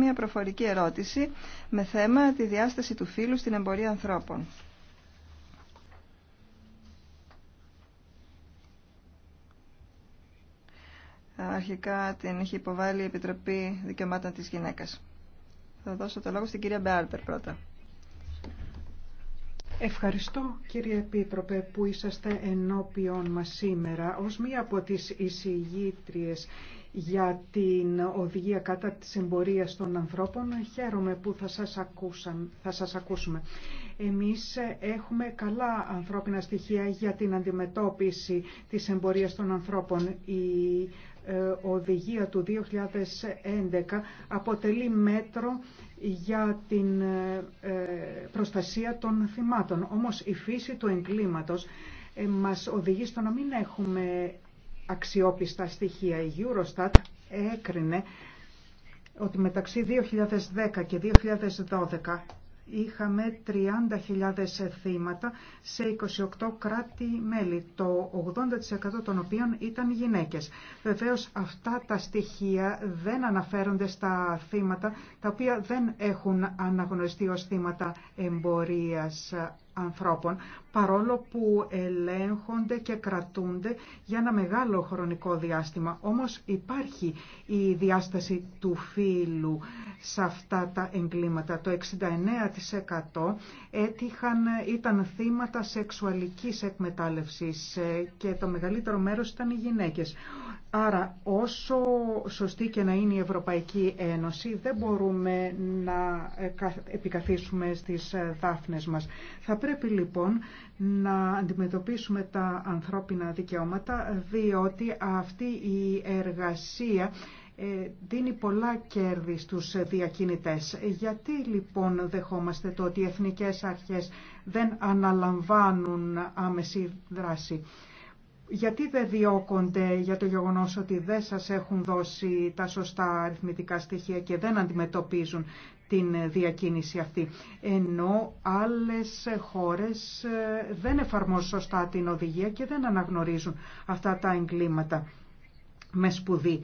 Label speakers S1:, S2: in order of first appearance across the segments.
S1: μια προφορική ερώτηση με θέμα τη διάσταση του φύλου στην εμπορία ανθρώπων. Αρχικά την έχει υποβάλει η Επιτροπή Δικαιωμάτων της Γυναίκας. Θα δώσω το λόγο στην κυρία Μπεάρτερ πρώτα.
S2: Ευχαριστώ κύριε Επίτροπε που είσαστε ενώπιον μας σήμερα ως μία από τις εισηγήτριες για την οδηγία κατά της εμπορίας των ανθρώπων. Χαίρομαι που θα σας, ακούσαν, θα σας ακούσουμε. Εμείς έχουμε καλά ανθρώπινα στοιχεία για την αντιμετώπιση της εμπορίας των ανθρώπων. Η ε, οδηγία του 2011 αποτελεί μέτρο για την ε, προστασία των θυμάτων. Όμως η φύση του εγκλήματος ε, μας οδηγεί στο να μην έχουμε αξιόπιστα στοιχεία. Η Eurostat έκρινε ότι μεταξύ 2010 και 2012 είχαμε 30.000 θύματα σε 28 κράτη-μέλη, το 80% των οποίων ήταν γυναίκες. Βεβαίως αυτά τα στοιχεία δεν αναφέρονται στα θύματα, τα οποία δεν έχουν αναγνωριστεί ως θύματα εμπορίας ανθρώπων, παρόλο που ελέγχονται και κρατούνται για ένα μεγάλο χρονικό διάστημα. Όμως υπάρχει η διάσταση του φύλου σε αυτά τα εγκλήματα. Το 69% έτυχαν, ήταν θύματα σεξουαλικής εκμετάλλευσης ε, και το μεγαλύτερο μέρος ήταν οι γυναίκες. Άρα όσο σωστή και να είναι η Ευρωπαϊκή Ένωση δεν μπορούμε να ε, επικαθίσουμε στις ε, δάφνες μας. Θα πρέπει λοιπόν να αντιμετωπίσουμε τα ανθρώπινα δικαιώματα διότι αυτή η εργασία ε, δίνει πολλά κέρδη στους διακινητές. Γιατί λοιπόν δεχόμαστε το ότι οι εθνικές αρχές δεν αναλαμβάνουν άμεση δράση. Γιατί δεν διώκονται για το γεγονός ότι δεν σας έχουν δώσει τα σωστά αριθμητικά στοιχεία και δεν αντιμετωπίζουν την διακίνηση αυτή, ενώ άλλες χώρες ε, δεν εφαρμόζουν σωστά την οδηγία και δεν αναγνωρίζουν αυτά τα εγκλήματα με σπουδή.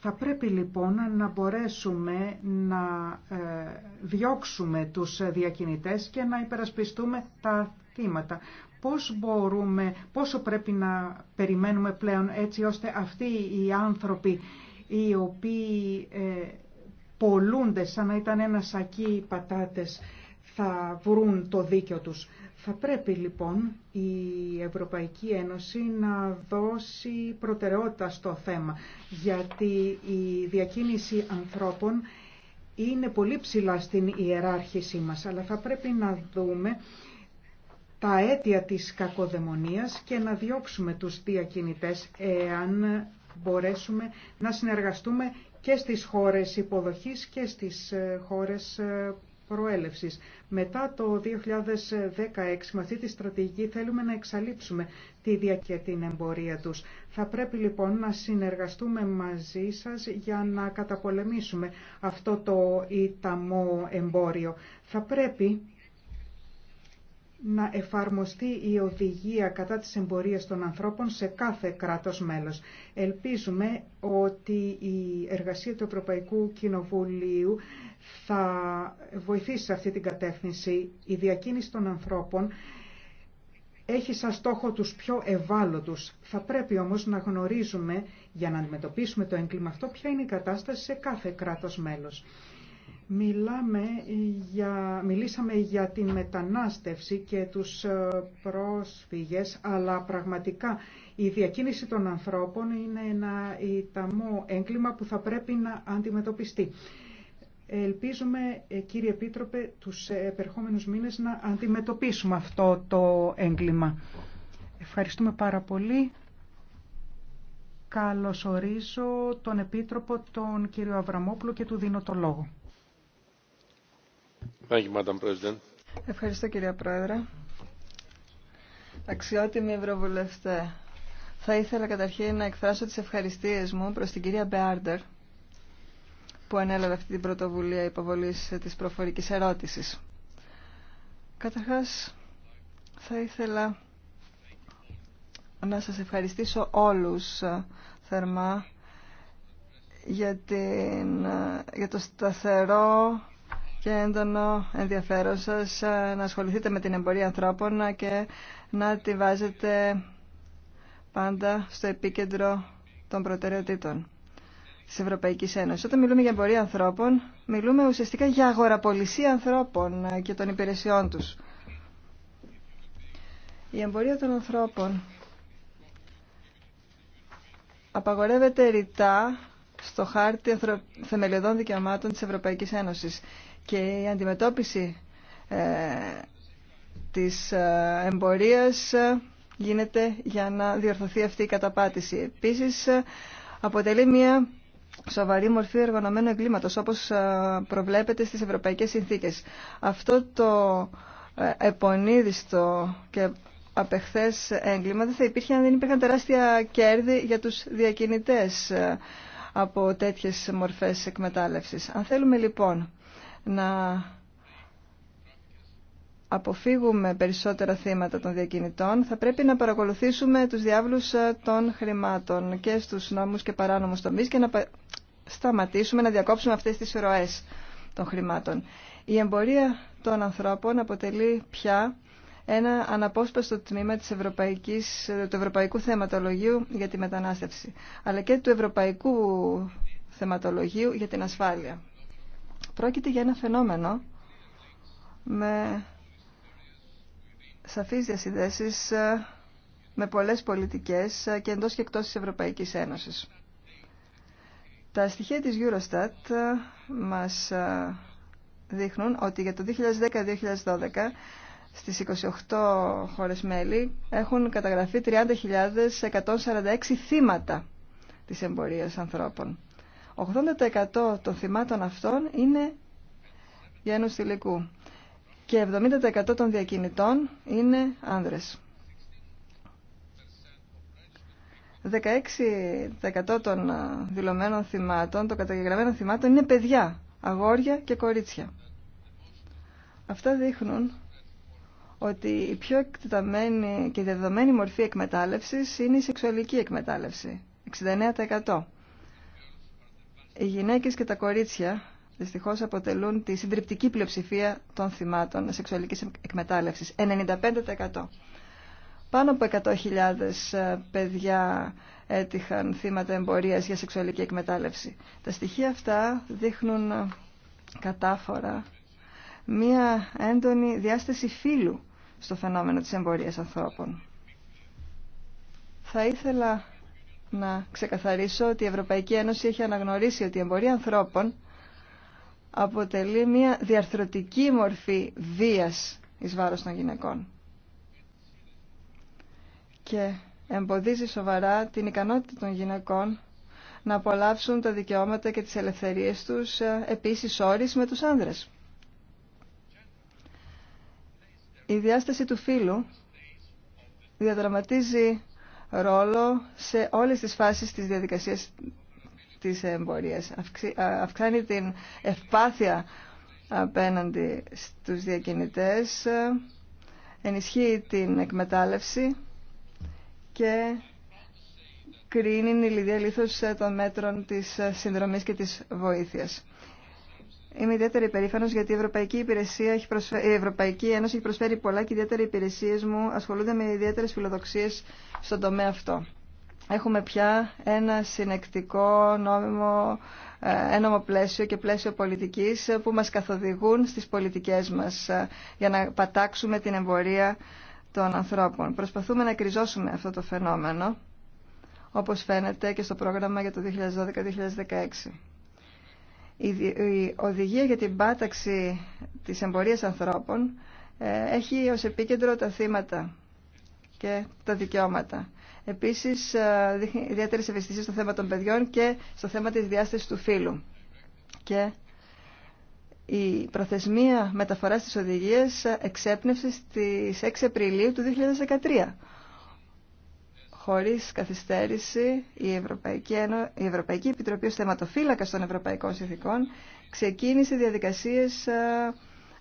S2: Θα πρέπει λοιπόν να μπορέσουμε να ε, διώξουμε τους διακινητές και να υπερασπιστούμε τα θύματα πώς μπορούμε, πόσο πρέπει να περιμένουμε πλέον έτσι ώστε αυτοί οι άνθρωποι οι οποίοι ε, πολλούνται σαν να ήταν ένα σακί πατάτες θα βρουν το δίκιο τους. Θα πρέπει λοιπόν η Ευρωπαϊκή Ένωση να δώσει προτεραιότητα στο θέμα, γιατί η διακίνηση ανθρώπων είναι πολύ ψηλά στην ιεράρχησή μας, αλλά θα πρέπει να δούμε τα αίτια της κακοδαιμονίας και να διώξουμε τους διακινητές εάν μπορέσουμε να συνεργαστούμε και στις χώρες υποδοχής και στις ε, χώρες ε, προέλευσης. Μετά το 2016 με αυτή τη στρατηγική θέλουμε να εξαλείψουμε τη διακέτη την εμπορία τους. Θα πρέπει λοιπόν να συνεργαστούμε μαζί σας για να καταπολεμήσουμε αυτό το ιταμό εμπόριο. Θα πρέπει να εφαρμοστεί η οδηγία κατά της εμπορίας των ανθρώπων σε κάθε κράτος μέλος. Ελπίζουμε ότι η εργασία του Ευρωπαϊκού Κοινοβουλίου θα βοηθήσει σε αυτή την κατεύθυνση. Η διακίνηση των ανθρώπων έχει σαν στόχο τους πιο ευάλωτους. Θα πρέπει όμως να γνωρίζουμε, για να αντιμετωπίσουμε το έγκλημα αυτό, ποια είναι η κατάσταση σε κάθε κράτος μέλος. Μιλάμε για, μιλήσαμε για την μετανάστευση και τους ε, πρόσφυγες, αλλά πραγματικά η διακίνηση των ανθρώπων είναι ένα ιταμό έγκλημα που θα πρέπει να αντιμετωπιστεί. Ελπίζουμε, ε, κύριε Επίτροπε, τους επερχόμενους μήνες να αντιμετωπίσουμε αυτό το έγκλημα. Ευχαριστούμε πάρα πολύ. Καλωσορίζω τον Επίτροπο, τον κύριο Αβραμόπουλο και του δίνω το λόγο.
S1: Ευχαριστώ κυρία Πρόεδρε. Αξιότιμοι Ευρωβουλευτέ, θα ήθελα καταρχήν να εκφράσω τις ευχαριστίες μου προς την κυρία Μπεάρντερ που ανέλαβε αυτή την πρωτοβουλία υποβολής της προφορικής ερώτησης. Καταρχάς, θα ήθελα να σας ευχαριστήσω όλους ε, θερμά ε, για το σταθερό και έντονο ενδιαφέρον σας ε, να ασχοληθείτε με την εμπορία ανθρώπων και να τη βάζετε πάντα στο επίκεντρο των προτεραιοτήτων τη Ευρωπαϊκή Ένωση. Όταν μιλούμε για εμπορία ανθρώπων, μιλούμε ουσιαστικά για αγοραπολισία ανθρώπων και των υπηρεσιών τους. Η εμπορία των ανθρώπων απαγορεύεται ρητά στο χάρτη θεμελιωδών δικαιωμάτων της Ευρωπαϊκής Ένωσης και η αντιμετώπιση ε, της ε, εμπορίας ε, γίνεται για να διορθωθεί αυτή η καταπάτηση. Επίσης, αποτελεί μια σοβαρή μορφή εργονομένου εγκλήματος, όπως προβλέπεται στις ευρωπαϊκές συνθήκες. Αυτό το επονίδιστο και απεχθές έγκλημα δεν θα υπήρχε αν δεν υπήρχαν τεράστια κέρδη για τους διακινητές από τέτοιες μορφές εκμετάλλευσης. Αν θέλουμε λοιπόν να αποφύγουμε περισσότερα θύματα των διακινητών, θα πρέπει να παρακολουθήσουμε τους διάβλους ε, των χρημάτων και στους νόμους και παράνομους τομείς και να σταματήσουμε να διακόψουμε αυτές τις ροές των χρημάτων. Η εμπορία των ανθρώπων αποτελεί πια ένα αναπόσπαστο τμήμα της ευρωπαϊκής, του ευρωπαϊκού θεματολογίου για τη μετανάστευση, αλλά και του ευρωπαϊκού θεματολογίου για την ασφάλεια. Πρόκειται για ένα φαινόμενο με σαφείς διασυνδέσεις ε, με πολλές πολιτικές ε, και εντός και εκτός της Ευρωπαϊκής Ένωσης. Τα στοιχεία της Eurostat ε, μας δείχνουν ότι για το 2010-2012 στις 28 χώρες μέλη έχουν καταγραφεί 30.146 θύματα της εμπορίας ανθρώπων. 80% των θυμάτων αυτών είναι γένους θηλυκού και 70% των διακινητών είναι άνδρες. 16% των δηλωμένων θυμάτων, των καταγεγραμμένων θυμάτων είναι παιδιά, αγόρια και κορίτσια. Αυτά δείχνουν ότι η πιο εκτεταμένη και δεδομένη μορφή εκμετάλλευσης είναι η σεξουαλική εκμετάλλευση, 69%. Οι γυναίκες και τα κορίτσια δυστυχώς αποτελούν τη συντριπτική πλειοψηφία των θυμάτων σεξουαλικής εκμετάλλευσης, 95%. Πάνω από 100.000 ε, παιδιά έτυχαν θύματα εμπορίας για σεξουαλική εκμετάλλευση. Τα στοιχεία αυτά δείχνουν ε, κατάφορα μία έντονη διάσταση φύλου στο φαινόμενο της εμπορίας ανθρώπων. Θα ήθελα να ξεκαθαρίσω ότι η Ευρωπαϊκή Ένωση έχει αναγνωρίσει ότι η εμπορία ανθρώπων αποτελεί μια διαρθρωτική μορφή βίας εις βάρος των γυναικών και εμποδίζει σοβαρά την ικανότητα των γυναικών να απολαύσουν τα δικαιώματα και τις ελευθερίες τους ε, επίσης όρις με τους άνδρες. Η διάσταση του φύλου διαδραματίζει ρόλο σε όλες τις φάσεις της διαδικασίας της εμπορίας. Αυξάνει την ευπάθεια απέναντι στους διακινητές, ενισχύει την εκμετάλλευση και κρίνει η λιδία των μέτρων της συνδρομής και της βοήθειας. Είμαι ιδιαίτερα υπερήφανο γιατί η Ευρωπαϊκή, Υπηρεσία έχει η Ευρωπαϊκή Ένωση έχει προσφέρει πολλά και ιδιαίτερα οι υπηρεσίε μου ασχολούνται με ιδιαίτερε φιλοδοξίε στον τομέα αυτό. Έχουμε πια ένα συνεκτικό νόμιμο ε, ένομο πλαίσιο και πλαίσιο πολιτικής που μας καθοδηγούν στις πολιτικές μας ε, για να πατάξουμε την εμπορία των ανθρώπων. Προσπαθούμε να κρυζώσουμε αυτό το φαινόμενο, όπως φαίνεται και στο πρόγραμμα για το 2012-2016. Η οδηγία για την πάταξη της εμπορίας ανθρώπων ε, έχει ως επίκεντρο τα θύματα και τα δικαιώματα. Επίσης, ε, δείχνει ιδιαίτερη ευαισθησία στο θέμα των παιδιών και στο θέμα της διάστασης του φύλου. Και η προθεσμία μεταφοράς της οδηγίας ε, εξέπνευσε στις 6 Απριλίου του 2013 χωρίς καθυστέρηση η Ευρωπαϊκή, η Ευρωπαϊκή Επιτροπή ως θεματοφύλακας των Ευρωπαϊκών Συνθήκων ξεκίνησε διαδικασίες ε,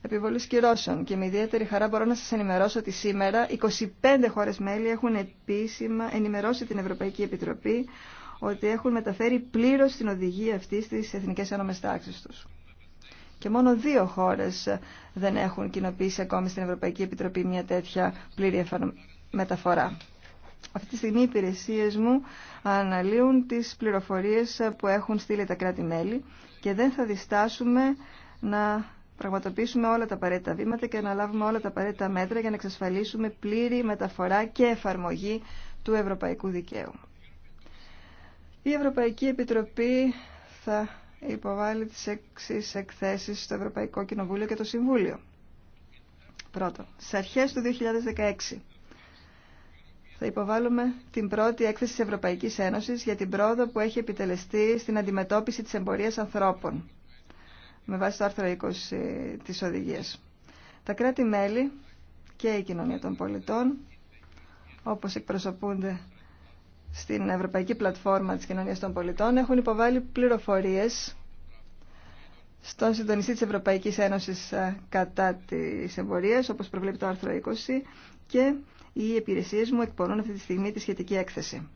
S1: επιβολής κυρώσεων και με ιδιαίτερη χαρά μπορώ να σας ενημερώσω ότι σήμερα 25 χώρες μέλη έχουν επίσημα ενημερώσει την Ευρωπαϊκή Επιτροπή ότι έχουν μεταφέρει πλήρως την οδηγία αυτή στις εθνικές ένωμες τάξεις τους. Και μόνο δύο χώρες ε, δεν έχουν κοινοποιήσει ακόμη στην Ευρωπαϊκή Επιτροπή μια τέτοια πλήρη μεταφορά. Αυτή τη στιγμή οι υπηρεσίες μου αναλύουν τις πληροφορίες που έχουν στείλει τα κράτη-μέλη και δεν θα διστάσουμε να πραγματοποιήσουμε όλα τα απαραίτητα βήματα και να λάβουμε όλα τα απαραίτητα μέτρα για να εξασφαλίσουμε πλήρη μεταφορά και εφαρμογή του ευρωπαϊκού δικαίου. Η Ευρωπαϊκή Επιτροπή θα υποβάλει τις εξής εκθέσεις στο Ευρωπαϊκό Κοινοβούλιο και το Συμβούλιο. Πρώτον, στι αρχές του 2016 θα υποβάλουμε την πρώτη έκθεση της Ευρωπαϊκής Ένωσης για την πρόοδο που έχει επιτελεστεί στην αντιμετώπιση της εμπορίας ανθρώπων με βάση το άρθρο 20 της οδηγίας. Τα κράτη-μέλη και η κοινωνία των πολιτών, όπως εκπροσωπούνται στην Ευρωπαϊκή Πλατφόρμα της Κοινωνίας των Πολιτών, έχουν υποβάλει πληροφορίες στον συντονιστή της Ευρωπαϊκής Ένωσης ε, κατά της εμπορίας, όπως προβλέπει το άρθρο 20, και οι υπηρεσίες μου εκπονούν αυτή τη στιγμή τη σχετική έκθεση.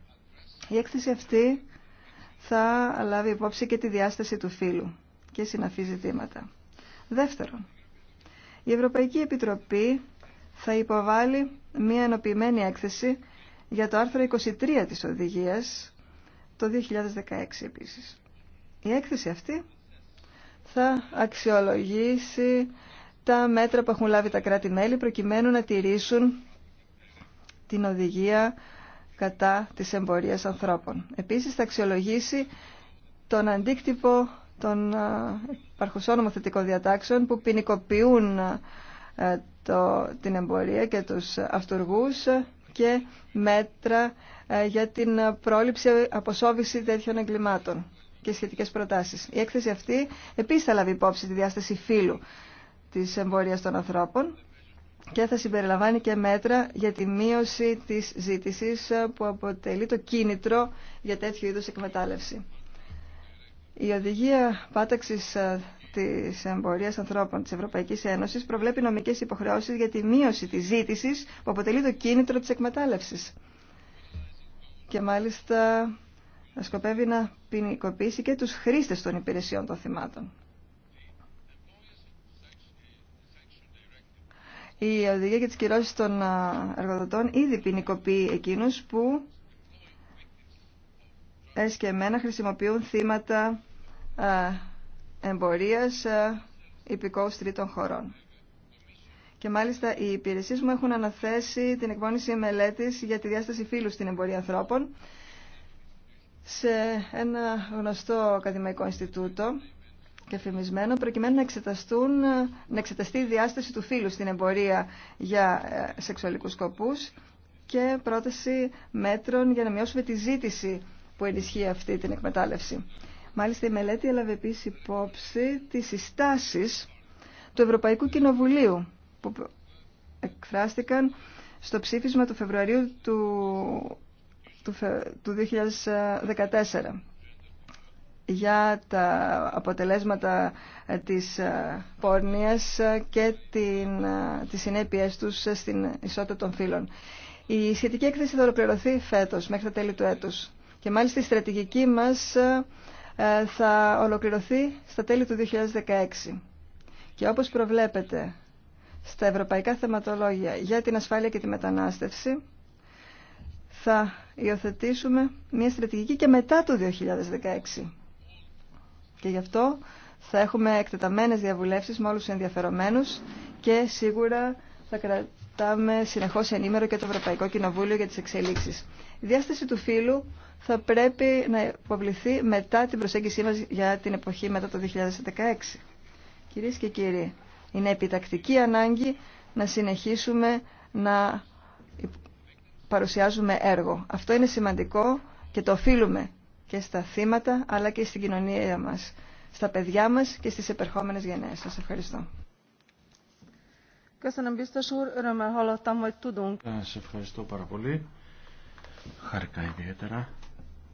S1: Η έκθεση αυτή θα λάβει υπόψη και τη διάσταση του φύλου και συναφή ζητήματα. Δεύτερον, η Ευρωπαϊκή Επιτροπή θα υποβάλει μία ενοποιημένη έκθεση για το άρθρο 23 της οδηγίας το 2016 επίσης. Η έκθεση αυτή θα αξιολογήσει τα μέτρα που έχουν λάβει τα κράτη-μέλη προκειμένου να τηρήσουν την οδηγία κατά της εμπορίας ανθρώπων. Επίσης θα αξιολογήσει τον αντίκτυπο των υπαρχουσών νομοθετικών διατάξεων που ποινικοποιούν το, την εμπορία και τους αυτούργους και μέτρα για την πρόληψη αποσόβηση τέτοιων εγκλημάτων και σχετικές προτάσεις. Η έκθεση αυτή επίσης θα λάβει υπόψη τη διάσταση φύλου της εμπορίας των ανθρώπων και θα συμπεριλαμβάνει και μέτρα για τη μείωση της ζήτησης ε, που αποτελεί το κίνητρο για τέτοιου είδους εκμετάλλευση. Η οδηγία πάταξης ε, της εμπορίας ανθρώπων της Ευρωπαϊκής Ένωσης προβλέπει νομικές υποχρεώσεις για τη μείωση της ζήτησης που αποτελεί το κίνητρο της εκμετάλλευσης. Και μάλιστα ε, σκοπεύει να ποινικοποιήσει και τους χρήστες των υπηρεσιών των θυμάτων. Η οδηγία για τις κυρώσεις των εργοδοτών ήδη ποινικοποιεί εκείνους που έσ χρησιμοποιούν θύματα εμπορίας υπηκόου τρίτων χωρών. Και μάλιστα οι υπηρεσίε μου έχουν αναθέσει την εκπόνηση μελέτης για τη διάσταση φύλου στην εμπορία ανθρώπων σε ένα γνωστό ακαδημαϊκό Ινστιτούτο προκειμένου να, εξεταστούν, να εξεταστεί η διάσταση του φύλου στην εμπορία για ε, σεξουαλικούς σκοπούς και πρόταση μέτρων για να μειώσουμε τη ζήτηση που ενισχύει αυτή την εκμετάλλευση. Μάλιστα η μελέτη έλαβε επίση υπόψη τις συστάσεις του Ευρωπαϊκού Κοινοβουλίου που εκφράστηκαν στο ψήφισμα του Φεβρουαρίου του, του 2014 για τα αποτελέσματα ε, της ε, πόρνειας ε, και την, τις συνέπειες τους στην ισότητα των φύλων. Η σχετική έκθεση θα ολοκληρωθεί φέτος, μέχρι τα τέλη του έτους. Και μάλιστα η στρατηγική μας θα ολοκληρωθεί στα τέλη του 2016. Και όπως προβλέπετε στα ευρωπαϊκά θεματολόγια για την ασφάλεια και τη μετανάστευση, θα υιοθετήσουμε μια στρατηγική και μετά το 2016. Και γι' αυτό θα έχουμε εκτεταμένες διαβουλεύσεις με όλους τους ενδιαφερομένους και σίγουρα θα κρατάμε συνεχώς ενήμερο και το Ευρωπαϊκό Κοινοβούλιο για τις εξελίξεις. Η διάσταση του φύλου θα πρέπει να υποβληθεί μετά την προσέγγισή μας για την εποχή μετά το 2016. Κυρίες και κύριοι, είναι επιτακτική ανάγκη να συνεχίσουμε να παρουσιάζουμε έργο. Αυτό είναι σημαντικό και το οφείλουμε και στα θύματα αλλά και στην κοινωνία μας, στα παιδιά μας και στις επερχόμενες γενναίες. Σας ευχαριστώ.
S3: Σας ευχαριστώ πάρα πολύ. Χαρικά ιδιαίτερα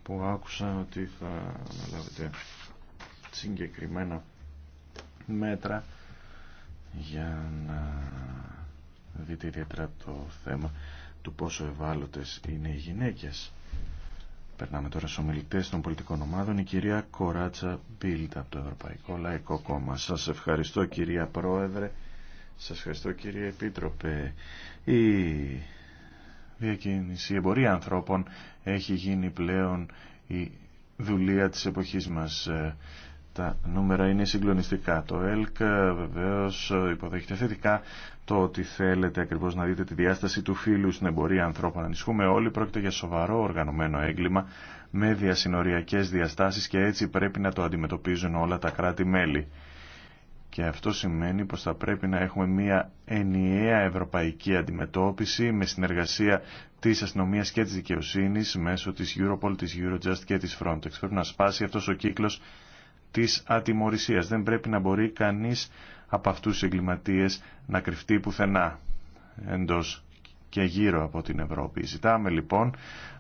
S3: που άκουσα ότι θα αναλάβετε συγκεκριμένα μέτρα για να δείτε ιδιαίτερα το θέμα του πόσο ευάλωτες είναι οι γυναίκες. Περνάμε τώρα στου ομιλητές των πολιτικών ομάδων. Η κυρία Κοράτσα Μπίλτ από το Ευρωπαϊκό Λαϊκό Κόμμα. Σας ευχαριστώ κυρία Πρόεδρε. Σας ευχαριστώ κύριε Επίτροπε. Η διακίνηση εμπορία ανθρώπων έχει γίνει πλέον η δουλεία της εποχής μας τα νούμερα είναι συγκλονιστικά. Το ΕΛΚ βεβαίως υποδέχεται θετικά το ότι θέλετε ακριβώς να δείτε τη διάσταση του φύλου στην εμπορία ανθρώπων. Ανισχούμε όλοι, πρόκειται για σοβαρό οργανωμένο έγκλημα με διασυνοριακές διαστάσεις και έτσι πρέπει να το αντιμετωπίζουν όλα τα κράτη-μέλη. Και αυτό σημαίνει πως θα πρέπει να έχουμε μια ενιαία ευρωπαϊκή αντιμετώπιση με συνεργασία της αστυνομίας και της δικαιοσύνης μέσω της Europol, τη Eurojust και τη Frontex. Πρέπει να σπάσει αυτό ο κύκλο της ατιμορρησίας. Δεν πρέπει να μπορεί κανείς από αυτούς τους εγκληματίες να κρυφτεί πουθενά εντός και γύρω από την Ευρώπη. Ζητάμε λοιπόν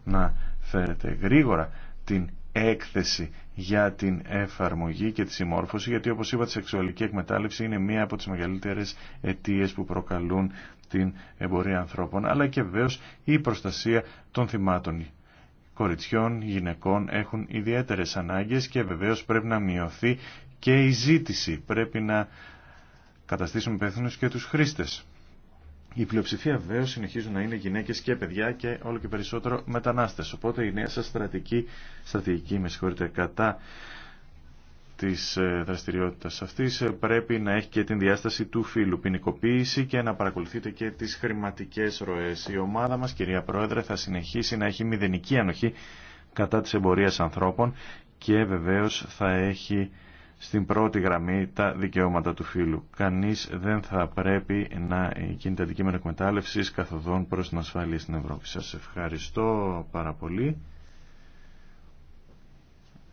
S3: να φέρετε γρήγορα την έκθεση για την εφαρμογή και τη συμμόρφωση, γιατί όπως είπα, τη σεξουαλική εκμετάλλευση είναι μία από τις μεγαλύτερες αιτίες που προκαλούν την εμπορία ανθρώπων, αλλά και βεβαίω η προστασία των θυμάτων κοριτσιών, γυναικών έχουν ιδιαίτερες ανάγκες και βεβαίως πρέπει να μειωθεί και η ζήτηση. Πρέπει να καταστήσουμε υπεύθυνου και τους χρήστες. Η πλειοψηφία βεβαίω συνεχίζουν να είναι γυναίκες και παιδιά και όλο και περισσότερο μετανάστες. Οπότε η νέα σας στρατηγική, στρατηγική με κατά της ε, δραστηριότητας αυτής ε, πρέπει να έχει και την διάσταση του φύλου ποινικοποίηση και να παρακολουθείτε και τις χρηματικές ροές. Η ομάδα μας, κυρία Πρόεδρε, θα συνεχίσει να έχει μηδενική ανοχή κατά της εμπορίας ανθρώπων και βεβαίως θα έχει στην πρώτη γραμμή τα δικαιώματα του φύλου. Κανείς δεν θα πρέπει να γίνεται αντικείμενο εκμετάλλευσης καθοδόν προς την ασφάλεια στην Ευρώπη. Σας ευχαριστώ πάρα πολύ.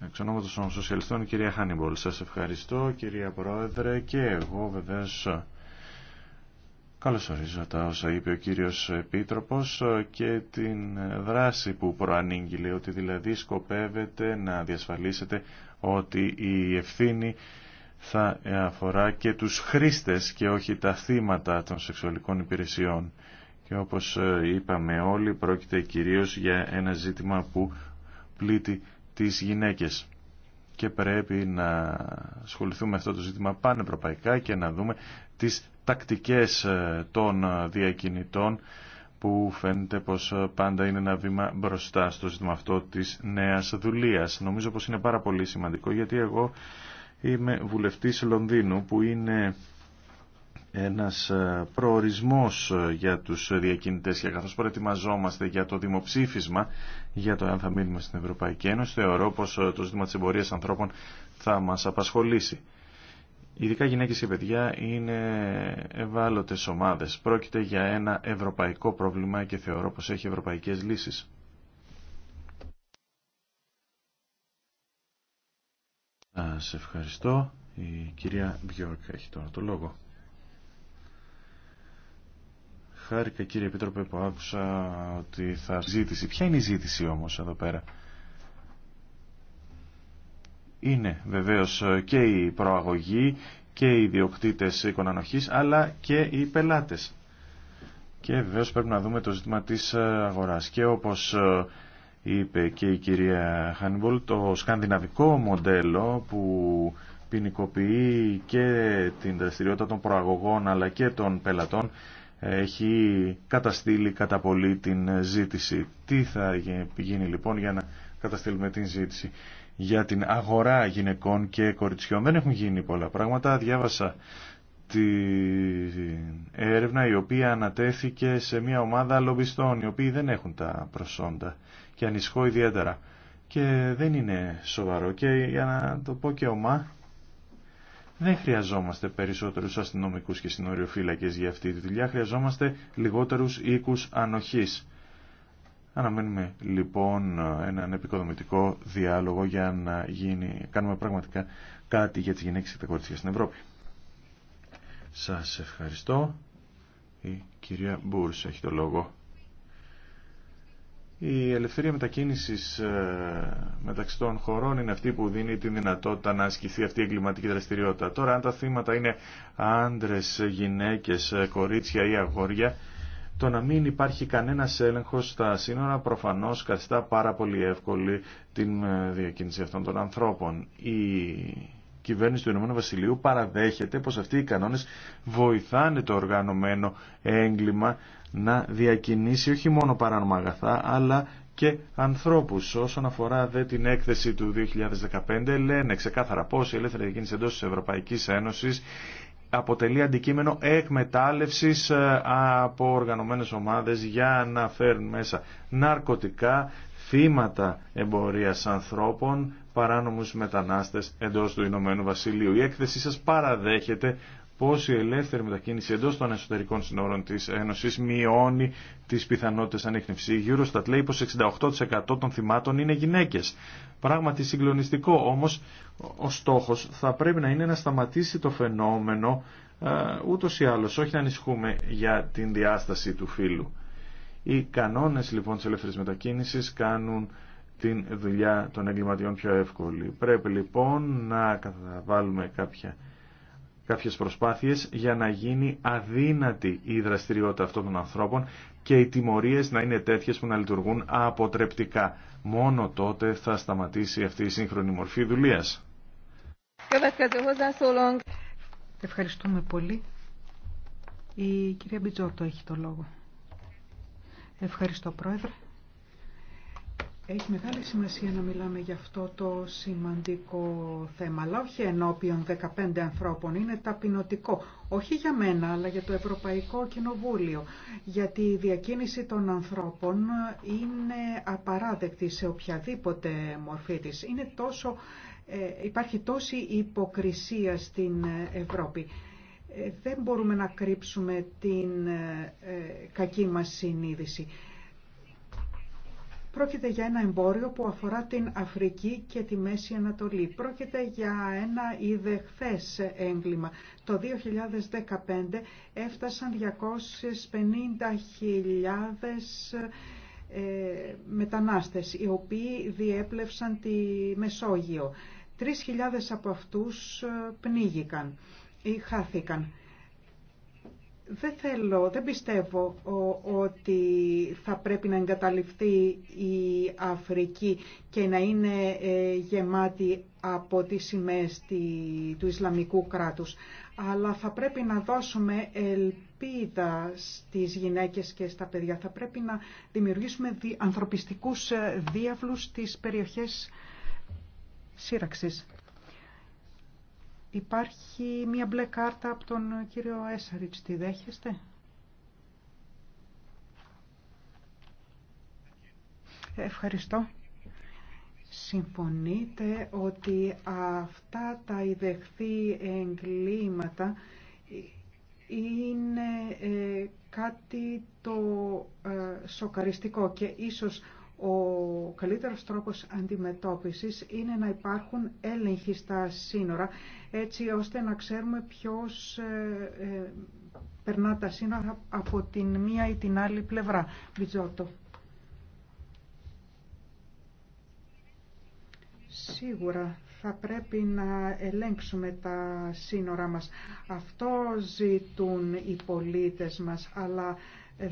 S3: Εξ ονόματος των Σοσιαλιστών, κυρία Χάνιμπολ, σας ευχαριστώ κυρία Πρόεδρε και εγώ βεβαίως καλωσορίζω τα όσα είπε ο κύριος Επίτροπος και την δράση που προανήγγειλε ότι δηλαδή σκοπεύεται να διασφαλίσετε ότι η ευθύνη θα αφορά και τους χρήστες και όχι τα θύματα των σεξουαλικών υπηρεσιών. Και όπως είπαμε όλοι πρόκειται κυρίως για ένα ζήτημα που πλήττει τις γυναίκες. Και πρέπει να ασχοληθούμε με αυτό το ζήτημα πανευρωπαϊκά και να δούμε τις τακτικές ε, των διακινητών που φαίνεται πως ε, πάντα είναι ένα βήμα μπροστά στο ζήτημα αυτό της νέας δουλείας. Νομίζω πως είναι πάρα πολύ σημαντικό γιατί εγώ είμαι βουλευτής Λονδίνου που είναι ένας ε, προορισμός ε, για τους διακινητές και καθώς προετοιμαζόμαστε για το δημοψήφισμα για το αν θα μείνουμε στην Ευρωπαϊκή Ένωση θεωρώ πως ε, το ζήτημα της εμπορίας ανθρώπων θα μας απασχολήσει. Ειδικά γυναίκες και παιδιά είναι ευάλωτες ομάδες. Πρόκειται για ένα ευρωπαϊκό πρόβλημα και θεωρώ πως έχει ευρωπαϊκές λύσεις. Σας ευχαριστώ. Η κυρία Μπιόρκ έχει τώρα το λόγο. Χάρηκα κύριε Επίτροπε που άκουσα ότι θα ζήτηση. Ποια είναι η ζήτηση όμως εδώ πέρα. Είναι βεβαίως και η προαγωγή και οι διοκτήτες οίκων αλλά και οι πελάτες. Και βεβαίως πρέπει να δούμε το ζήτημα της αγοράς. Και όπως είπε και η κυρία Χάνιμπολ, το σκανδιναβικό μοντέλο που ποινικοποιεί και την δραστηριότητα των προαγωγών αλλά και των πελατών έχει καταστήλει κατά πολύ την ζήτηση. Τι θα γίνει λοιπόν για να καταστήλουμε την ζήτηση για την αγορά γυναικών και κοριτσιών. Δεν έχουν γίνει πολλά πράγματα. Διάβασα την έρευνα η οποία ανατέθηκε σε μια ομάδα λομπιστών οι οποίοι δεν έχουν τα προσόντα και ανισχώ ιδιαίτερα. Και δεν είναι σοβαρό και για να το πω και ομά δεν χρειαζόμαστε περισσότερους αστυνομικούς και συνοριοφύλακες για αυτή τη δουλειά, χρειαζόμαστε λιγότερους οίκους ανοχής. Αναμένουμε λοιπόν έναν επικοδομητικό διάλογο για να γίνει, κάνουμε πραγματικά κάτι για τις γυναίκες και τα κορίτσια στην Ευρώπη. Σας ευχαριστώ. Η κυρία Μπούρς έχει το λόγο. Η ελευθερία μετακίνησης ε, μεταξύ των χωρών είναι αυτή που δίνει τη δυνατότητα να ασκηθεί αυτή η εγκληματική δραστηριότητα. Τώρα αν τα θύματα είναι άντρες, γυναίκες, ε, κορίτσια ή αγόρια, το να μην υπάρχει κανένας έλεγχος στα σύνορα προφανώς καθιστά πάρα πολύ εύκολη την ε, διακίνηση αυτών των ανθρώπων. Η κυβέρνηση του Ηνωμένου Βασιλείου παραδέχεται πως αυτοί οι κανόνες βοηθάνε το οργανωμένο έγκλημα να διακινήσει όχι μόνο παράνομα αγαθά, αλλά και ανθρώπους. Όσον αφορά δε την έκθεση του 2015, λένε ξεκάθαρα πώς η ελεύθερη διακίνηση εντός της Ευρωπαϊκής Ένωσης αποτελεί αντικείμενο εκμετάλλευσης ε, από οργανωμένες ομάδες για να φέρουν μέσα ναρκωτικά, θύματα εμπορίας ανθρώπων, παράνομους μετανάστες εντός του Ηνωμένου Βασιλείου. Η έκθεσή σας παραδέχεται πως η ελεύθερη μετακίνηση εντός των εσωτερικών συνόρων της Ένωσης μειώνει τις πιθανότητες ανείχνευση. Η Eurostat λέει πως 68% των θυμάτων είναι γυναίκες. Πράγματι συγκλονιστικό όμως ο στόχος θα πρέπει να είναι να σταματήσει το φαινόμενο ε, ούτως ή άλλως, όχι να ανησυχούμε για την διάσταση του φύλου. Οι κανόνες λοιπόν της ελεύθερης μετακίνησης κάνουν την δουλειά των εγκληματιών πιο εύκολη. Πρέπει λοιπόν να καταβάλουμε κάποια κάποιες προσπάθειες για να γίνει αδύνατη η δραστηριότητα αυτών των ανθρώπων και οι τιμωρίες να είναι τέτοιες που να λειτουργούν αποτρεπτικά. Μόνο τότε θα σταματήσει αυτή η σύγχρονη μορφή δουλείας.
S2: Ευχαριστούμε πολύ. Η κυρία Μπιτζότο έχει το λόγο. Ευχαριστώ πρόεδρε. Έχει μεγάλη σημασία να μιλάμε για αυτό το σημαντικό θέμα, αλλά όχι ενώπιον 15 ανθρώπων. Είναι ταπεινωτικό. Όχι για μένα, αλλά για το Ευρωπαϊκό Κοινοβούλιο. Γιατί η διακίνηση των ανθρώπων είναι απαράδεκτη σε οποιαδήποτε μορφή της. Είναι τόσο, ε, υπάρχει τόση υποκρισία στην Ευρώπη. Ε, δεν μπορούμε να κρύψουμε την ε, κακή μας συνείδηση. Πρόκειται για ένα εμπόριο που αφορά την Αφρική και τη Μέση Ανατολή. Πρόκειται για ένα χθε έγκλημα. Το 2015 έφτασαν 250.000 ε, μετανάστες, οι οποίοι διέπλευσαν τη Μεσόγειο. 3.000 από αυτούς ε, πνίγηκαν ή χάθηκαν. Δεν θέλω, δεν πιστεύω ότι θα πρέπει να εγκαταλειφθεί η Αφρική και να είναι ε, γεμάτη από τις σημαίες του Ισλαμικού κράτους. Αλλά θα πρέπει να δώσουμε ελπίδα στις γυναίκες και στα παιδιά. Θα πρέπει να δημιουργήσουμε ανθρωπιστικούς ε, διάβλους στις περιοχές σύραξης. Υπάρχει μία μπλε κάρτα από τον κύριο Έσαριτς. Τη δέχεστε? Ευχαριστώ. Συμφωνείτε ότι αυτά τα ιδεχθή εγκλήματα είναι ε, κάτι το ε, σοκαριστικό και ίσως ο καλύτερος τρόπος αντιμετώπισης είναι να υπάρχουν έλεγχοι στα σύνορα, έτσι ώστε να ξέρουμε ποιος ε, ε, περνά τα σύνορα από την μία ή την άλλη πλευρά. Μπιτζότο. Σίγουρα θα πρέπει να ελέγξουμε τα σύνορα μας. Αυτό ζητούν οι πολίτες μας, αλλά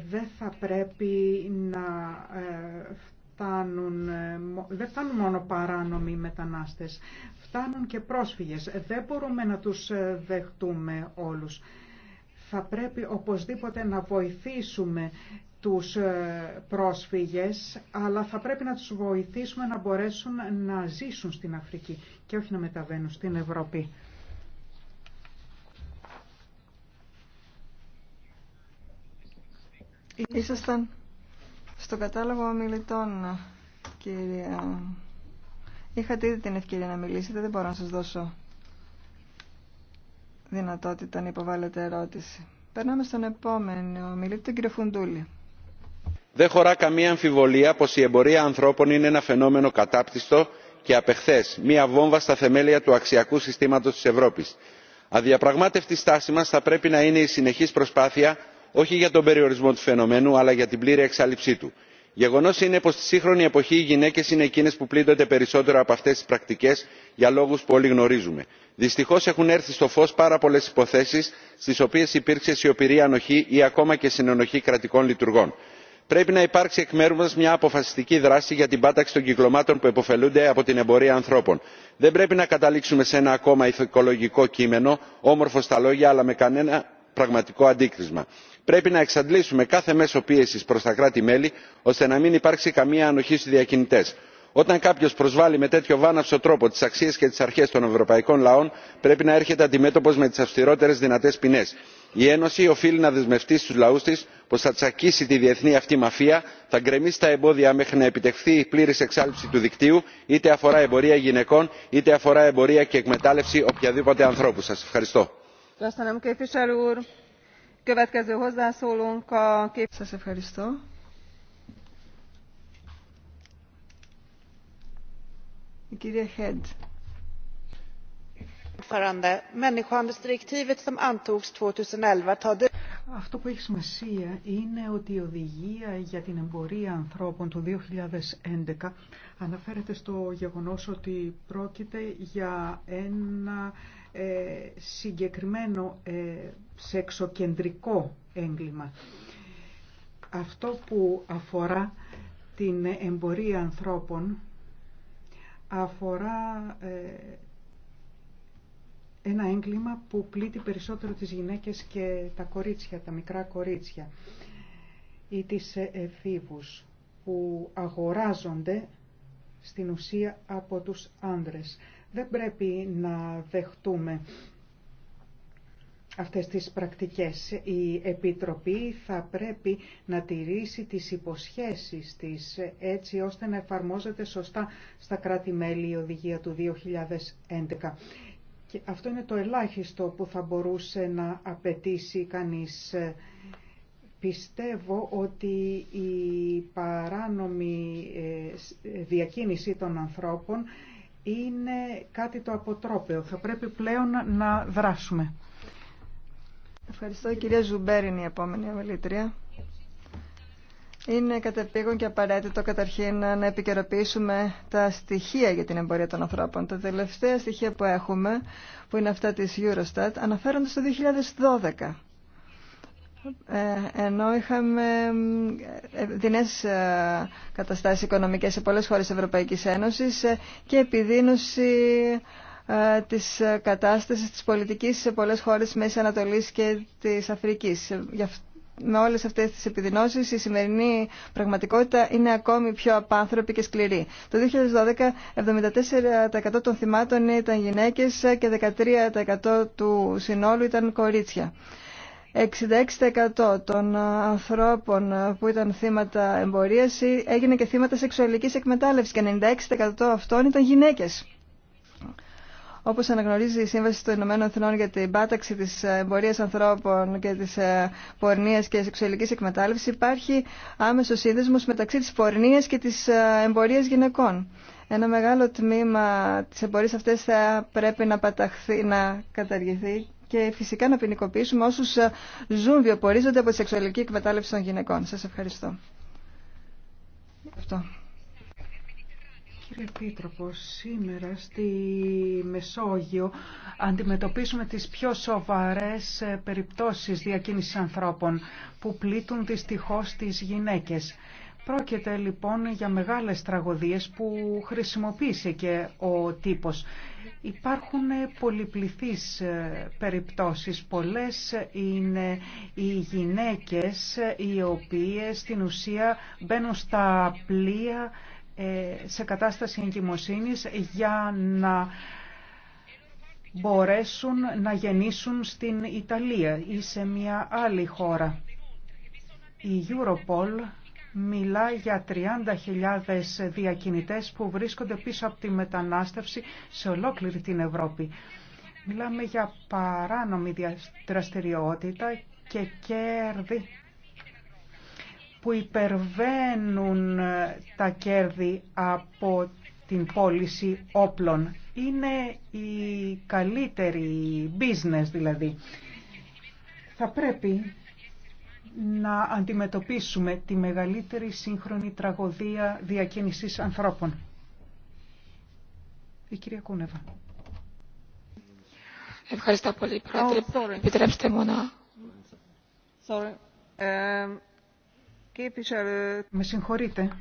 S2: δεν θα πρέπει να ε, φτάνουν, ε, δεν φτάνουν μόνο παράνομοι μετανάστες, φτάνουν και πρόσφυγες. Δεν μπορούμε να τους ε, δεχτούμε όλους. Θα πρέπει οπωσδήποτε να βοηθήσουμε τους ε, πρόσφυγες, αλλά θα πρέπει να τους βοηθήσουμε να μπορέσουν να ζήσουν στην Αφρική και όχι να μεταβαίνουν στην Ευρώπη.
S1: Στο κατάλογο ομιλητών, κυρία. Είχατε ήδη την ευκαιρία να μιλήσετε, δεν μπορώ να σας δώσω δυνατότητα να υποβάλλετε ερώτηση. Περνάμε στον επόμενο ομιλητή τον κύριο Φουντούλη.
S4: Δεν χωρά καμία αμφιβολία πως η εμπορία ανθρώπων είναι ένα φαινόμενο κατάπτυστο και απεχθές, μία βόμβα στα θεμέλια του αξιακού συστήματος της Ευρώπης. Αδιαπραγμάτευτη στάση μας θα πρέπει να είναι η συνεχής προσπάθεια όχι για τον περιορισμό του φαινομένου αλλά για την πλήρη εξάλληψή του. γεγονό είναι πω στη σύγχρονη εποχή οι γυναίκε είναι εκείνε που πλήττονται περισσότερο από αυτέ τι πρακτικέ για λόγου που όλοι γνωρίζουμε. δυστυχώ έχουν έρθει στο φω πάρα πολλέ υποθέσει στι οποίε υπήρξε σιωπηρή ανοχή ή ακόμα και συνενοχή κρατικών λειτουργών. πρέπει να υπάρξει εκ μέρου μα μια αποφασιστική δράση για την πάταξη των κυκλωμάτων που επωφελούνται από την εμπορία ανθρώπων. δεν πρέπει να καταλήξουμε σε ένα ακόμα ηθικολογικό κείμενο όμορφο στα λόγια αλλά με κανένα πραγματικό αντίκρισμα. πρέπει να εξαντλήσουμε κάθε μέσο πίεση προ τα κράτη μέλη ώστε να μην υπάρξει καμία ανοχή στου διακινητέ. όταν κάποιο προσβάλλει με τέτοιο βάναυσο τρόπο τι αξίε και τι αρχέ των ευρωπαϊκών λαών πρέπει να έρχεται αντιμέτωπο με τι αυστηρότερε δυνατέ ποινέ. η ένωση οφείλει να δεσμευτεί στου λαού τη πω θα τσακίσει τη διεθνή αυτή μαφία θα γκρεμίσει τα εμπόδια μέχρι να επιτευχθεί η πλήρη εξάλληψη του δικτύου είτε αφορά εμπορία γυναικών είτε αφορά εμπορία και εκμετάλλευση οποιαδήποτε ανθρώπου. σα ευχαριστώ.
S1: Σας ευχαριστώ.
S2: Χέντ. Αυτό που έχει σημασία είναι ότι η οδηγία για την εμπορία ανθρώπων του 2011 αναφέρεται στο γεγονός ότι πρόκειται για ένα ε, συγκεκριμένο ε, σεξοκεντρικό έγκλημα. Αυτό που αφορά την εμπορία ανθρώπων αφορά ε, ένα έγκλημα που πλήττει περισσότερο τις γυναίκες και τα κορίτσια, τα μικρά κορίτσια ή τις εφήβους που αγοράζονται στην ουσία από τους άνδρες. Δεν πρέπει να δεχτούμε αυτές τις πρακτικές. Η Επιτροπή θα πρέπει να τηρήσει τις υποσχέσεις της έτσι ώστε να εφαρμόζεται σωστά στα κράτη-μέλη η οδηγία του 2011. Και αυτό είναι το ελάχιστο που θα μπορούσε να απαιτήσει κανείς. Πιστεύω ότι η παράνομη ε, διακίνηση των ανθρώπων είναι κάτι το αποτρόπαιο. Θα πρέπει πλέον να δράσουμε.
S1: Ευχαριστώ. Η κυρία Ζουμπέρ είναι η επόμενη αμελήτρια. Είναι κατεπήγον και απαραίτητο καταρχήν να επικαιροποιήσουμε τα στοιχεία για την εμπορία των ανθρώπων. Τα τελευταία στοιχεία που έχουμε, που είναι αυτά της Eurostat, αναφέρονται στο 2012. Ε, ενώ είχαμε ε, ε, δεινές καταστάσεις οικονομικές σε πολλές χώρες της Ευρωπαϊκής Ένωσης και επιδείνωση της κατάστασης της πολιτικής σε πολλές χώρες της Μέσης Ανατολής και της Αφρικής. Με όλες αυτές τις επιδεινώσεις η σημερινή πραγματικότητα είναι ακόμη πιο απάνθρωπη και σκληρή. Το 2012 74% των θυμάτων ήταν γυναίκες και 13% του συνόλου ήταν κορίτσια. 66% των ανθρώπων που ήταν θύματα εμπορίας έγινε και θύματα σεξουαλικής εκμετάλλευσης και 96% αυτών ήταν γυναίκες. Όπως αναγνωρίζει η Σύμβαση των Ηνωμένων Εθνών για την πάταξη της εμπορίας ανθρώπων και της ε, πορνείας και σεξουαλικής εκμετάλλευσης υπάρχει άμεσος σύνδεσμος μεταξύ της πορνείας και της ε, εμπορίας γυναικών. Ένα μεγάλο τμήμα της εμπορίας αυτές θα πρέπει να, να καταργηθεί και φυσικά να ποινικοποιήσουμε όσους ε, ζουν βιοπορίζονται από τη σεξουαλική εκμετάλλευση των γυναικών. Σας ευχαριστώ. Αυτό.
S2: Κύριε Πίτροπο, σήμερα στη Μεσόγειο αντιμετωπίζουμε τις πιο σοβαρές ε, περιπτώσεις διακίνησης ανθρώπων που πλήττουν δυστυχώς τις γυναίκες. Πρόκειται λοιπόν για μεγάλες τραγωδίες που χρησιμοποίησε και ο τύπος. Υπάρχουν πολυπληθείς ε, περιπτώσεις. Πολλές είναι οι γυναίκες οι οποίες στην ουσία μπαίνουν στα πλοία ε, σε κατάσταση εγκυμοσύνης για να μπορέσουν να γεννήσουν στην Ιταλία ή σε μια άλλη χώρα. Η Europol μιλά για 30.000 διακινητές που βρίσκονται πίσω από τη μετανάστευση σε ολόκληρη την Ευρώπη. Μιλάμε για παράνομη δραστηριότητα και κέρδη που υπερβαίνουν ε, τα κέρδη από την πώληση όπλων. Είναι η καλύτερη business δηλαδή. Θα πρέπει να αντιμετωπίσουμε τη μεγαλύτερη σύγχρονη τραγωδία διακίνησης ανθρώπων. Η κυρία Κούνεβα.
S5: Ευχαριστώ πολύ, Πρόεδρε. Oh,
S2: Επιτρέψτε μου
S1: Sorry. Ε, ε,
S2: με συγχωρείτε.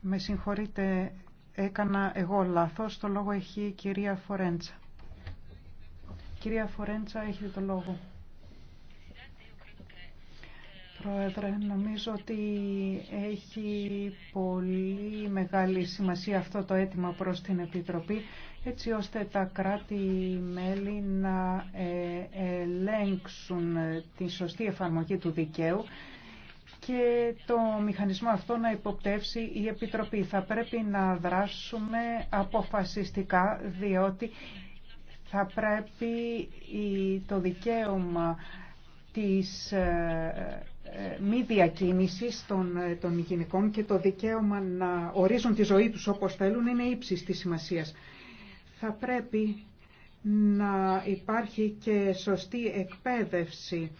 S2: Με συγχωρείτε. Έκανα εγώ λάθος. Το λόγο έχει η κυρία Φορέντσα. Κυρία Φορέντσα, έχετε το λόγο. Πρόεδρε, νομίζω ότι έχει πολύ μεγάλη σημασία αυτό το αίτημα προς την Επιτροπή, έτσι ώστε τα κράτη-μέλη να ε, ελέγξουν τη σωστή εφαρμογή του δικαίου και το μηχανισμό αυτό να υποπτεύσει η Επιτροπή. Θα πρέπει να δράσουμε αποφασιστικά, διότι θα πρέπει το δικαίωμα της ε, ε, μη διακίνησης των, ε, των γυναικών και το δικαίωμα να ορίζουν τη ζωή τους όπως θέλουν είναι ύψης της σημασίας. Θα πρέπει να υπάρχει και σωστή εκπαίδευση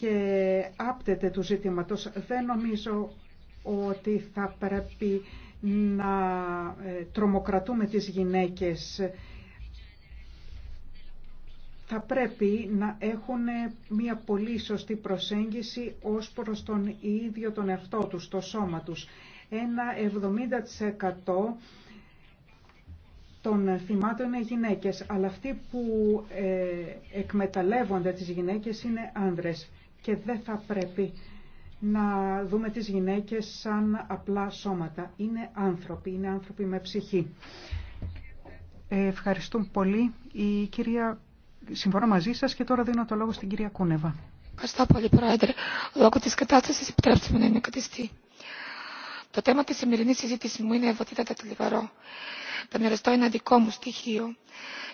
S2: και άπτεται του ζήτηματος. Δεν νομίζω ότι θα πρέπει να ε, τρομοκρατούμε τις γυναίκες θα πρέπει να έχουν μια πολύ σωστή προσέγγιση ως προς τον ίδιο τον εαυτό τους, το σώμα τους. Ένα 70% των θυμάτων είναι γυναίκες, αλλά αυτοί που ε, εκμεταλλεύονται τις γυναίκες είναι άνδρες και δεν θα πρέπει να δούμε τις γυναίκες σαν απλά σώματα. Είναι άνθρωποι, είναι άνθρωποι με ψυχή. Ε, ευχαριστούμε πολύ. κυρία συμφωνώ μαζί σα, και τώρα δίνω το λόγο στην κυρία Κούνεβα.
S5: Ευχαριστώ πολύ, Πρόεδρε. Λόγω τη κατάσταση επιτρέψτε μου να είμαι κατηστή. Το θέμα τη σημερινή συζήτηση μου είναι ευωτήτατα λιβαρό. Θα μοιραστώ ένα δικό μου στοιχείο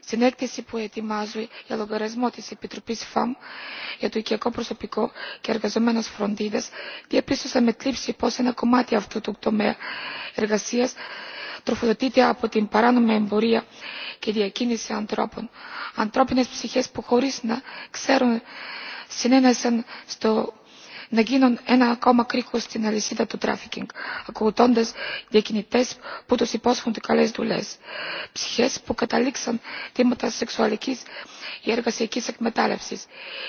S5: στην έκθεση που ετοιμάζω για λογαριασμό τη Επιτροπή ΦΑΜ για το οικιακό προσωπικό και εργαζομένε φροντίδες διαπίστωσα με τλίψη πώ ένα κομμάτι αυτού του τομέα εργασία τροφοδοτείται από την παράνομη εμπορία και διακίνηση ανθρώπων. Ανθρώπινες ψυχές που χωρίς να ξέρουν συνένεσαν στο να γίνουν ένα ακόμα κρίκο στην αλυσίδα του τράφικινγκ, ακολουθώντα διακινητέ που του υπόσχονται καλέ δουλειέ. Ψυχέ που καταλήξαν θύματα σεξουαλική ή εργασιακή εκμετάλλευση.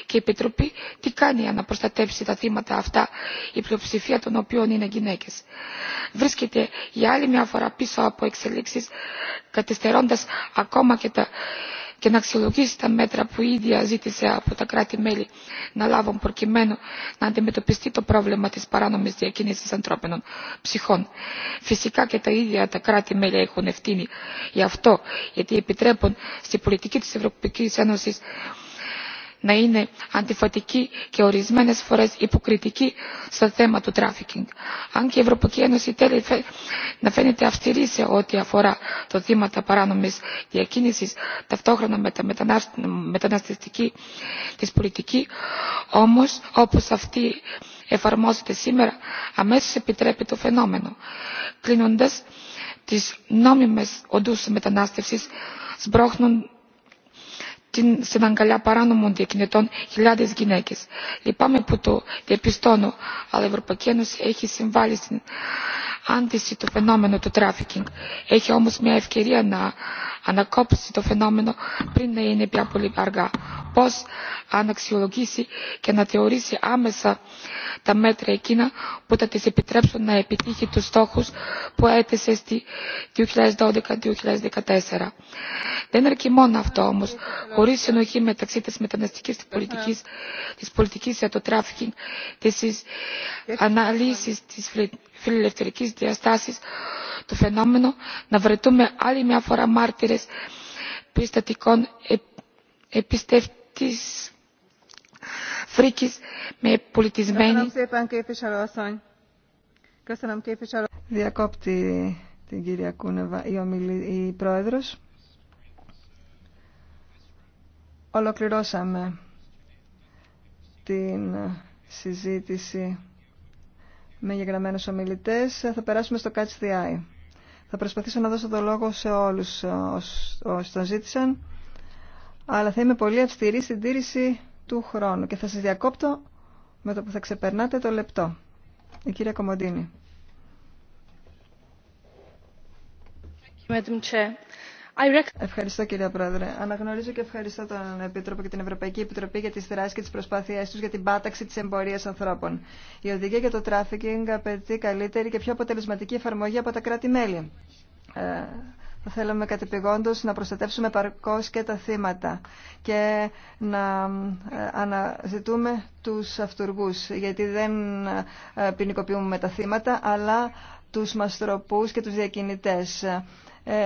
S5: Και η Επιτροπή τι κάνει για να προστατεύσει τα θύματα αυτά, η πλειοψηφία των οποίων είναι γυναίκε. Βρίσκεται για άλλη μια φορά πίσω από εξελίξει, καθυστερώντα ακόμα και τα και να αξιολογήσει τα μέτρα που ήδη ζήτησε από τα κράτη μέλη να λάβουν προκειμένου να αντιμετωπιστεί το πρόβλημα της παράνομης διακίνησης ανθρώπινων ψυχών. φυσικά και τα ίδια τα κράτη μέλη έχουν ευθύνη γι' αυτό γιατί επιτρέπουν στην πολιτική της ευρωπαϊκής ένωσης να είναι αντιφατική και ορισμένε φορέ υποκριτική στο θέμα του τράφικινγκ. Αν και η Ευρωπαϊκή Ένωση θέλει να φαίνεται αυστηρή σε ό,τι αφορά το τα παράνομη διακίνηση, ταυτόχρονα με τα μεταναστευτική τη πολιτική, όμω όπω αυτή εφαρμόζεται σήμερα, αμέσω επιτρέπει το φαινόμενο. Κλείνοντα, τι νόμιμε οντού μετανάστευση σπρώχνουν την συναγκαλιά παράνομων διακινητών χιλιάδε γυναίκε. Λυπάμαι που το διαπιστώνω, αλλά η Ευρωπαϊκή Ένωση έχει συμβάλει στην άντιση του φαινόμενου του τράφικινγκ. Έχει όμω μια ευκαιρία να ανακόψει το φαινόμενο πριν να είναι πια πολύ αργά. Πώ αν αξιολογήσει και να θεωρήσει άμεσα τα μέτρα εκείνα που θα τη επιτρέψουν να επιτύχει του στόχου που έθεσε στη 2012-2014. Δεν αρκεί μόνο αυτό όμω, χωρί συνοχή μεταξύ της μεταναστικής πολιτική της πολιτικής για το τράφικινγκ, της αναλύσης της φιλελευθερικής διαστάσης το φαινόμενο να βρεθούμε άλλη μια φορά μάρτυρες περιστατικών επιστεύτης φρίκης με πολιτισμένη
S1: Διακόπτη την κυρία Κούνεβα η, ομιλή, η πρόεδρος. Ολοκληρώσαμε την συζήτηση με γεγραμμένους ομιλητές. Θα περάσουμε στο Catch the Eye. Θα προσπαθήσω να δώσω το λόγο σε όλους ε, όσοι τον ζήτησαν, αλλά θα είμαι πολύ αυστηρή στην τήρηση του χρόνου και θα σας διακόπτω με το που θα ξεπερνάτε το λεπτό. Η κυρία Κομοντίνη. Ευχαριστώ κύριε Πρόεδρε. Αναγνωρίζω και ευχαριστώ τον Επίτροπο και την Ευρωπαϊκή Επιτροπή για τις δράσεις και τις προσπάθειές τους για την πάταξη της εμπορίας ανθρώπων. Η οδηγία για το τράφικινγκ απαιτεί καλύτερη και πιο αποτελεσματική εφαρμογή από τα κράτη-μέλη. Ε, θα θέλαμε κατεπηγόντως να προστατεύσουμε παρκώς και τα θύματα και να ε, αναζητούμε τους αυτούργους, γιατί δεν ε, ποινικοποιούμε τα θύματα, αλλά τους μαστροπούς και τους διακινητές.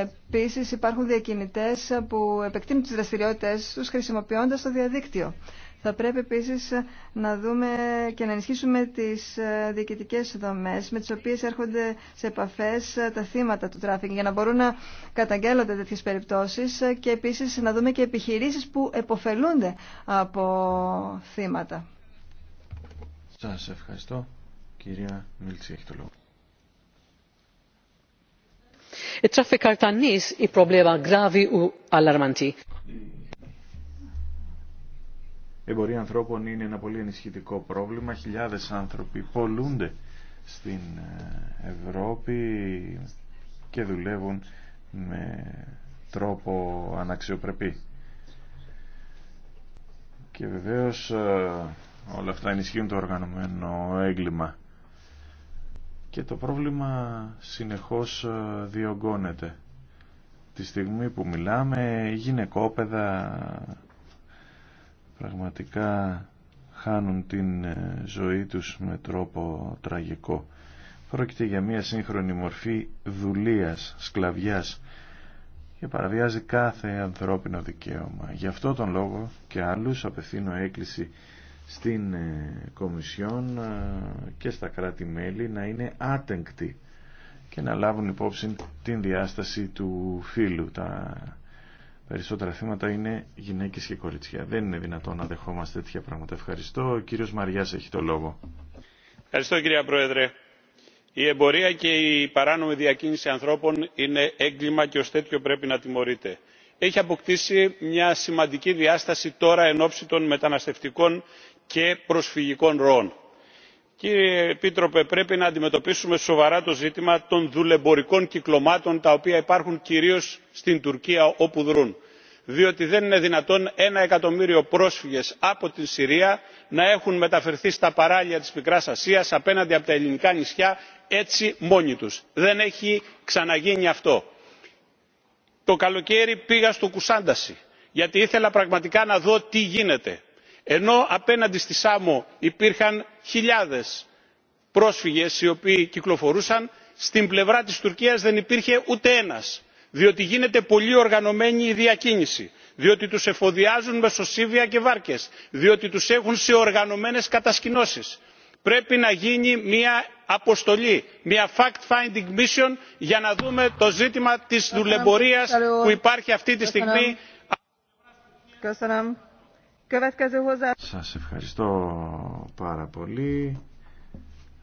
S1: Επίση, υπάρχουν διακινητέ που επεκτείνουν τι δραστηριότητέ του χρησιμοποιώντα το διαδίκτυο. Θα πρέπει επίση να δούμε και να ενισχύσουμε τι ε, διοικητικέ δομέ με τι οποίε έρχονται σε επαφέ ε, τα θύματα του τράφικινγκ για να μπορούν να καταγγέλλονται τέτοιε περιπτώσει ε, και επίση να δούμε και επιχειρήσει που εποφελούνται από θύματα.
S3: Σα ευχαριστώ. Κυρία Μίλτση, έχει το it-traffikar tan-nies hi problema gravi u Η εμπορία ανθρώπων είναι ένα πολύ ενισχυτικό πρόβλημα. Χιλιάδες άνθρωποι πολλούνται στην ε, Ευρώπη και δουλεύουν με τρόπο αναξιοπρεπή. Και βεβαίως ε, όλα αυτά ενισχύουν το οργανωμένο έγκλημα και το πρόβλημα συνεχώς ε, διωγγώνεται. Τη στιγμή που μιλάμε, γυναικόπαιδα πραγματικά χάνουν την ε, ζωή τους με τρόπο τραγικό. Πρόκειται για μια σύγχρονη μορφή δουλείας, σκλαβιάς και παραβιάζει κάθε ανθρώπινο δικαίωμα. Γι' αυτό τον λόγο και άλλους απευθύνω έκκληση στην ε, Κομισιόν ε, και στα κράτη-μέλη να είναι άτεγκτοι και να λάβουν υπόψη την διάσταση του φύλου. Τα περισσότερα θύματα είναι γυναίκες και κοριτσιά. Δεν είναι δυνατόν να δεχόμαστε τέτοια πράγματα. Ευχαριστώ. Ο κύριος Μαριάς έχει το λόγο.
S6: Ευχαριστώ κυρία Πρόεδρε. Η εμπορία και η παράνομη διακίνηση ανθρώπων είναι έγκλημα και ως τέτοιο πρέπει να τιμωρείται. Έχει αποκτήσει μια σημαντική διάσταση τώρα εν ώψη των μεταναστευτικών και προσφυγικών ροών. Κύριε Επίτροπε, πρέπει να αντιμετωπίσουμε σοβαρά το ζήτημα των δουλεμπορικών κυκλωμάτων τα οποία υπάρχουν κυρίως στην Τουρκία όπου δρούν. Διότι δεν είναι δυνατόν ένα εκατομμύριο πρόσφυγες από την Συρία να έχουν μεταφερθεί στα παράλια της Μικράς Ασίας απέναντι από τα ελληνικά νησιά έτσι μόνοι τους. Δεν έχει ξαναγίνει αυτό. Το καλοκαίρι πήγα στο Κουσάνταση γιατί ήθελα πραγματικά να δω τι γίνεται ενώ απέναντι στη σάμο υπήρχαν χιλιάδες πρόσφυγες οι οποίοι κυκλοφορούσαν στην πλευρά της τουρκίας δεν υπήρχε ούτε ένας διότι γίνεται πολύ οργανωμένη η διακίνηση διότι τους εφοδιάζουν με σωσίβια και βάρκες διότι τους έχουν σε οργανωμένες κατασκηνώσεις. πρέπει να γίνει μια αποστολή μια fact finding mission για να δούμε το ζήτημα της δουλεμπορίας που υπάρχει αυτή τη στιγμή
S3: σας ευχαριστώ πάρα πολύ.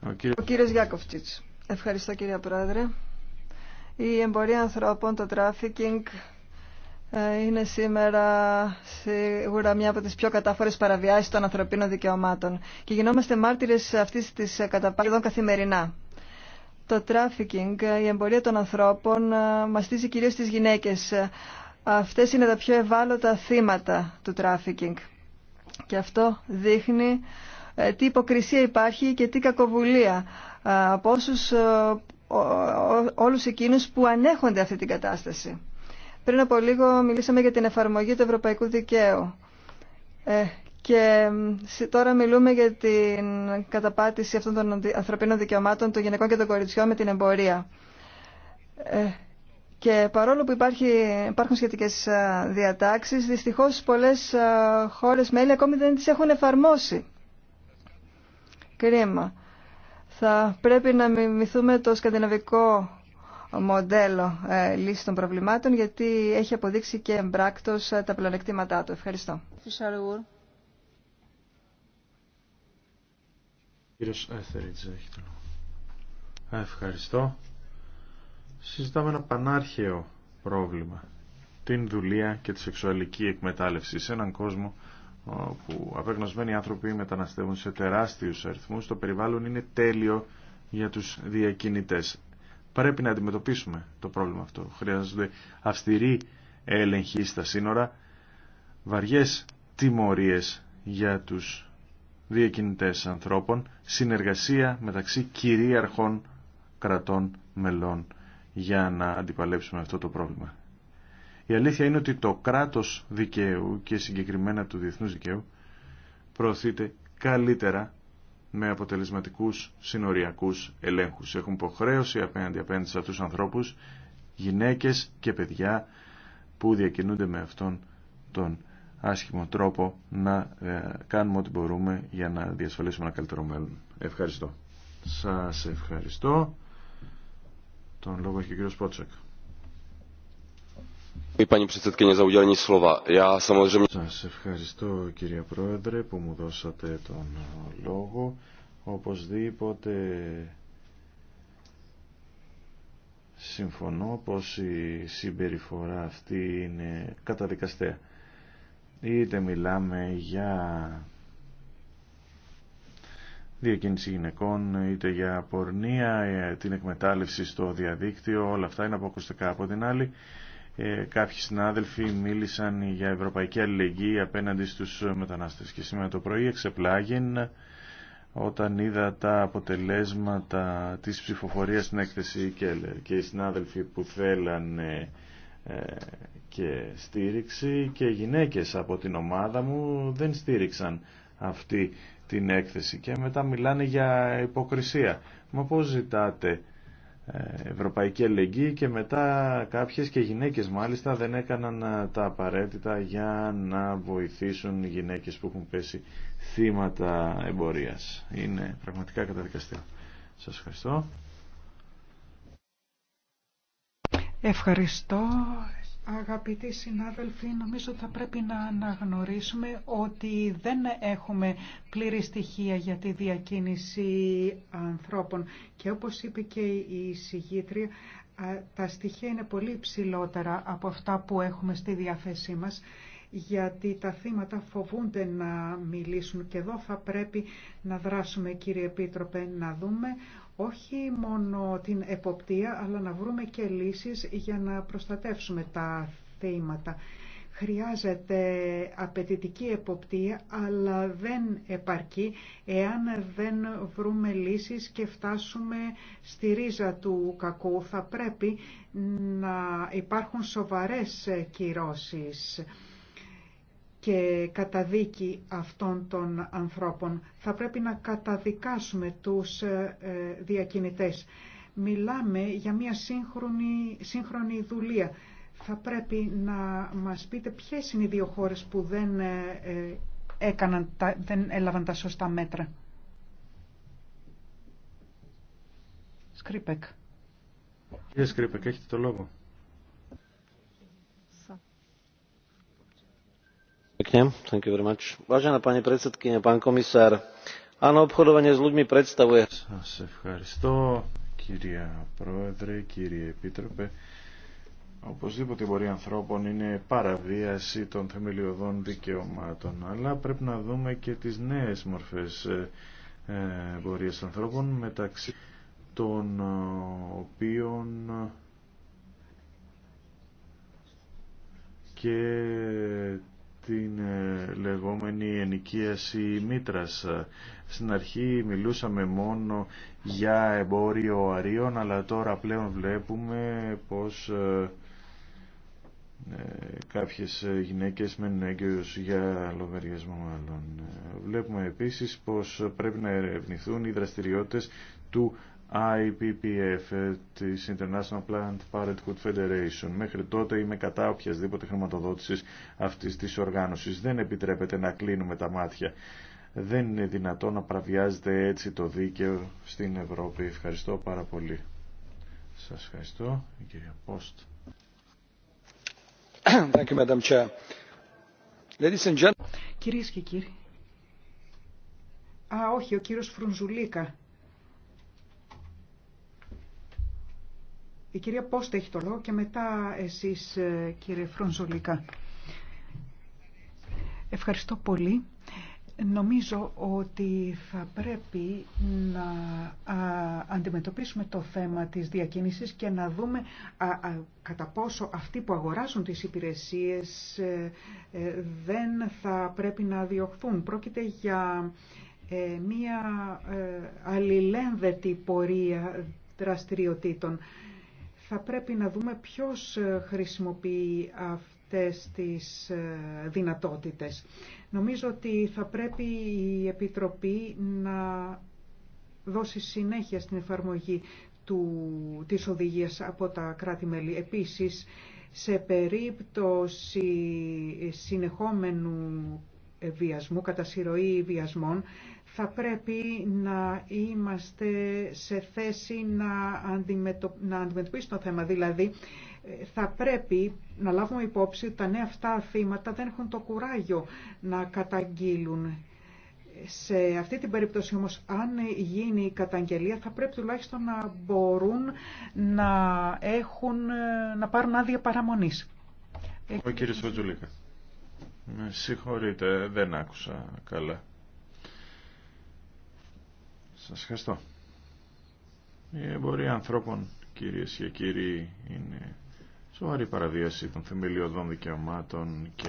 S3: Ο, κύριο Ο κύριος
S1: Γιάκοφτσιτς. Ευχαριστώ κύριε Πρόεδρε. Η εμπορία ανθρώπων, το τράφικινγκ, ε, είναι σήμερα σίγουρα μια από τις πιο κατάφορες παραβιάσεις των ανθρωπίνων δικαιωμάτων και γινόμαστε μάρτυρες αυτής της ε, καταπάγεδων καθημερινά. Το τράφικινγκ, ε, η εμπορία των ανθρώπων, μαστίζει κυρίως τις γυναίκες. Αυτές είναι τα πιο ευάλωτα θύματα του τράφικινγκ. Και αυτό δείχνει ε, τι υποκρισία υπάρχει και τι κακοβουλία ε, από όσους, ε, όλους εκείνους που ανέχονται αυτή την κατάσταση. Πριν από λίγο μιλήσαμε για την εφαρμογή του ευρωπαϊκού δικαίου και τώρα μιλούμε για την καταπάτηση αυτών των ανθρωπίνων δικαιωμάτων των γυναικών και των κοριτσιών με την εμπορία. Και παρόλο που υπάρχει, υπάρχουν σχετικές ε, διατάξεις, δυστυχώς πολλές ε, χώρες μέλη ακόμη δεν τις έχουν εφαρμόσει. Κρίμα. Θα πρέπει να μιμηθούμε το σκανδιναβικό μοντέλο ε, λύση των προβλημάτων, γιατί έχει αποδείξει και εμπράκτος ε, τα πλεονεκτήματά του. Ευχαριστώ.
S3: Ευχαριστώ συζητάμε ένα πανάρχαιο πρόβλημα. Την δουλεία και τη σεξουαλική εκμετάλλευση σε έναν κόσμο όπου απεγνωσμένοι άνθρωποι μεταναστεύουν σε τεράστιους αριθμούς. Το περιβάλλον είναι τέλειο για τους διακινητές. Πρέπει να αντιμετωπίσουμε το πρόβλημα αυτό. Χρειάζονται αυστηρή έλεγχη στα σύνορα, βαριές τιμωρίες για τους διακινητές ανθρώπων, συνεργασία μεταξύ κυρίαρχων κρατών μελών για να αντιπαλέψουμε αυτό το πρόβλημα. Η αλήθεια είναι ότι το κράτος δικαίου και συγκεκριμένα του διεθνούς δικαίου προωθείται καλύτερα με αποτελεσματικούς συνοριακούς ελέγχους. Έχουν υποχρέωση απέναντι απέναντι σε αυτούς τους ανθρώπους, γυναίκες και παιδιά που διακινούνται με αυτόν τον άσχημο τρόπο να ε, κάνουμε ό,τι μπορούμε για να διασφαλίσουμε ένα καλύτερο μέλλον. Ευχαριστώ. Σας ευχαριστώ. Τον λόγο έχει ο κύριος Πρότσεκ. Σας ευχαριστώ κύριε Πρόεδρε που μου δώσατε τον λόγο. Οπωσδήποτε συμφωνώ πως η συμπεριφορά αυτή είναι καταδικαστέα. Είτε μιλάμε για διακίνηση γυναικών, είτε για πορνεία, ε, την εκμετάλλευση στο διαδίκτυο, όλα αυτά είναι αποκουστικά. Από την άλλη, ε, κάποιοι συνάδελφοι μίλησαν για ευρωπαϊκή αλληλεγγύη απέναντι στους μετανάστες και σήμερα το πρωί εξεπλάγιν όταν είδα τα αποτελέσματα της ψηφοφορίας στην έκθεση Κέλλερ και οι συνάδελφοι που θέλαν ε, και στήριξη και γυναίκες από την ομάδα μου δεν στήριξαν αυτή την έκθεση και μετά μιλάνε για υποκρισία. Μα πώς ζητάτε ε, ευρωπαϊκή ελεγγύη και μετά κάποιες και γυναίκες μάλιστα δεν έκαναν ε, τα απαραίτητα για να βοηθήσουν οι γυναίκες που έχουν πέσει θύματα εμπορίας. Είναι πραγματικά καταδικαστικό. Σας ευχαριστώ.
S2: Ευχαριστώ. Αγαπητοί συνάδελφοι, νομίζω θα πρέπει να αναγνωρίσουμε ότι δεν έχουμε πλήρη στοιχεία για τη διακίνηση ανθρώπων. Και όπως είπε και η συγγήτρια, τα στοιχεία είναι πολύ ψηλότερα από αυτά που έχουμε στη διάθεσή μας γιατί τα θύματα φοβούνται να μιλήσουν και εδώ θα πρέπει να δράσουμε κύριε Επίτροπε να δούμε όχι μόνο την εποπτεία, αλλά να βρούμε και λύσεις για να προστατεύσουμε τα θέματα. Χρειάζεται απαιτητική εποπτεία, αλλά δεν επαρκεί εάν δεν βρούμε λύσεις και φτάσουμε στη ρίζα του κακού. Θα πρέπει να υπάρχουν σοβαρές κυρώσεις και καταδίκη αυτών των ανθρώπων. Θα πρέπει να καταδικάσουμε τους ε, ε, διακινητές. Μιλάμε για μια σύγχρονη, σύγχρονη δουλεία. Θα πρέπει να μας πείτε ποιες είναι οι δύο χώρες που δεν, ε, έκαναν, δεν έλαβαν τα σωστά μέτρα. Σκρίπεκ.
S3: Κύριε Σκρίπεκ, έχετε το λόγο. Σα ευχαριστώ κυρία Πρόεδρε, κύριε Επίτροπε. Οπωσδήποτε η πορεία ανθρώπων είναι παραβίαση των θεμελιωδών δικαιωμάτων, αλλά πρέπει να δούμε και τις νέες μορφές ε, ε, πορεία ανθρώπων μεταξύ των ε, οποίων και την ε, λεγόμενη ενοικίαση μήτρας. Στην αρχή μιλούσαμε μόνο για εμπόριο αρίων, αλλά τώρα πλέον βλέπουμε πως ε, ε, κάποιες γυναίκες μένουν έγκυος για λογαριασμό άλλων. Βλέπουμε επίσης πως πρέπει να ερευνηθούν οι δραστηριότητες του IPPF ε, της International Plant Parenthood Federation. Μέχρι τότε είμαι κατά οποιασδήποτε χρηματοδότησης αυτής της οργάνωσης. Δεν επιτρέπεται να κλείνουμε τα μάτια. Δεν είναι δυνατό να πραβιάζεται έτσι το δίκαιο στην Ευρώπη. Ευχαριστώ πάρα πολύ. Σας ευχαριστώ, κύριε κυρία Πόστ. Thank και
S2: κύριοι. Α, όχι, ο κύριο Φρουνζουλίκα Η κυρία Πόστα έχει το λόγο και μετά εσείς ε, κύριε Φρονζολικά. Ευχαριστώ πολύ. Νομίζω ότι θα πρέπει να αντιμετωπίσουμε το θέμα της διακίνησης και να δούμε κατά πόσο αυτοί που αγοράζουν τις υπηρεσίες ε, ε, δεν θα πρέπει να διωχθούν. Πρόκειται για μία αλληλένδετη πορεία δραστηριοτήτων θα πρέπει να δούμε ποιος ε, χρησιμοποιεί αυτές τις ε, δυνατότητες. Νομίζω ότι θα πρέπει η Επιτροπή να δώσει συνέχεια στην εφαρμογή του, της οδηγίας από τα κράτη-μέλη. Επίσης, σε περίπτωση συνεχόμενου βιασμού, κατά συρροή βιασμών, θα πρέπει να είμαστε σε θέση να, να αντιμετωπίσουμε το θέμα. Δηλαδή, θα πρέπει να λάβουμε υπόψη ότι τα νέα αυτά θύματα δεν έχουν το κουράγιο να καταγγείλουν. Σε αυτή την περίπτωση όμως, αν γίνει η καταγγελία, θα πρέπει τουλάχιστον να μπορούν να, έχουν, να πάρουν άδεια παραμονής.
S3: Ο με συγχωρείτε, δεν άκουσα καλά. Σας ευχαριστώ. Η εμπορία ανθρώπων, κύριε και κύριοι, είναι σοβαρή παραβίαση των θεμελιωδών δικαιωμάτων και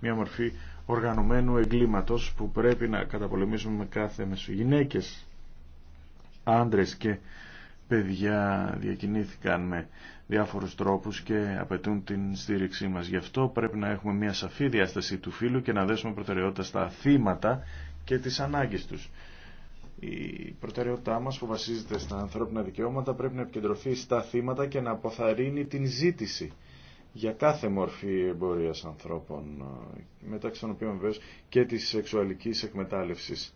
S3: μια μορφή οργανωμένου εγκλήματος που πρέπει να καταπολεμήσουμε με κάθε μέσο. Γυναίκες, άντρες και παιδιά διακινήθηκαν με διάφορους τρόπους και απαιτούν την στήριξή μας. Γι' αυτό πρέπει να έχουμε μια σαφή διάσταση του φίλου και να δέσουμε προτεραιότητα στα θύματα και τις ανάγκες τους. Η προτεραιότητά μας που βασίζεται στα ανθρώπινα δικαιώματα πρέπει να επικεντρωθεί στα θύματα και να αποθαρρύνει την ζήτηση για κάθε μορφή εμπορίας ανθρώπων, μεταξύ των οποίων βεβαίως και της σεξουαλικής εκμετάλλευσης.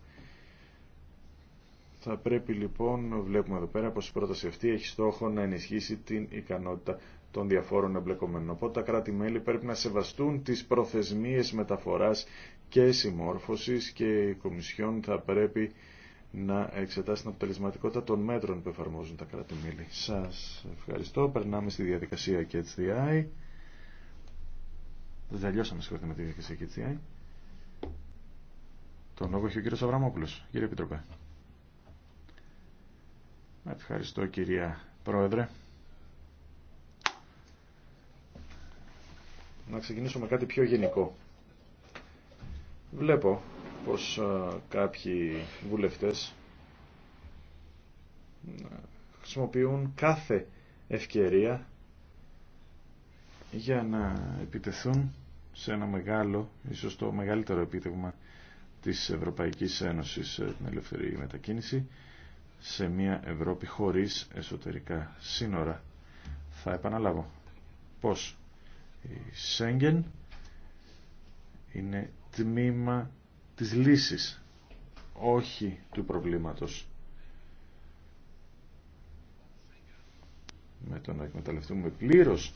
S3: Θα πρέπει λοιπόν, βλέπουμε εδώ πέρα, πως η πρόταση αυτή έχει στόχο να ενισχύσει την ικανότητα των διαφόρων εμπλεκομένων. Οπότε τα κράτη-μέλη πρέπει να σεβαστούν τις προθεσμίες μεταφοράς και συμμόρφωσης και η Κομισιόν θα πρέπει να εξετάσει την αποτελεσματικότητα των μέτρων που εφαρμόζουν τα κράτη-μέλη. Σας ευχαριστώ. Περνάμε στη διαδικασία και Δεν Τελειώσαμε συγχωρείτε με τη διαδικασία και HDI. Τον λόγο έχει ο κύριος Αβραμόπουλος. Κύριε Επιτροπέ. Ευχαριστώ κυρία Πρόεδρε. Να ξεκινήσω με κάτι πιο γενικό. Βλέπω πως κάποιοι βουλευτές χρησιμοποιούν κάθε ευκαιρία για να επιτεθούν σε ένα μεγάλο, ίσως το μεγαλύτερο επίτευγμα της Ευρωπαϊκής Ένωσης, ε, την ελευθερία μετακίνηση σε μια Ευρώπη χωρίς εσωτερικά σύνορα. Θα επαναλάβω πως η Σέγγεν είναι τμήμα της λύσης, όχι του προβλήματος. Με το να εκμεταλλευτούμε πλήρως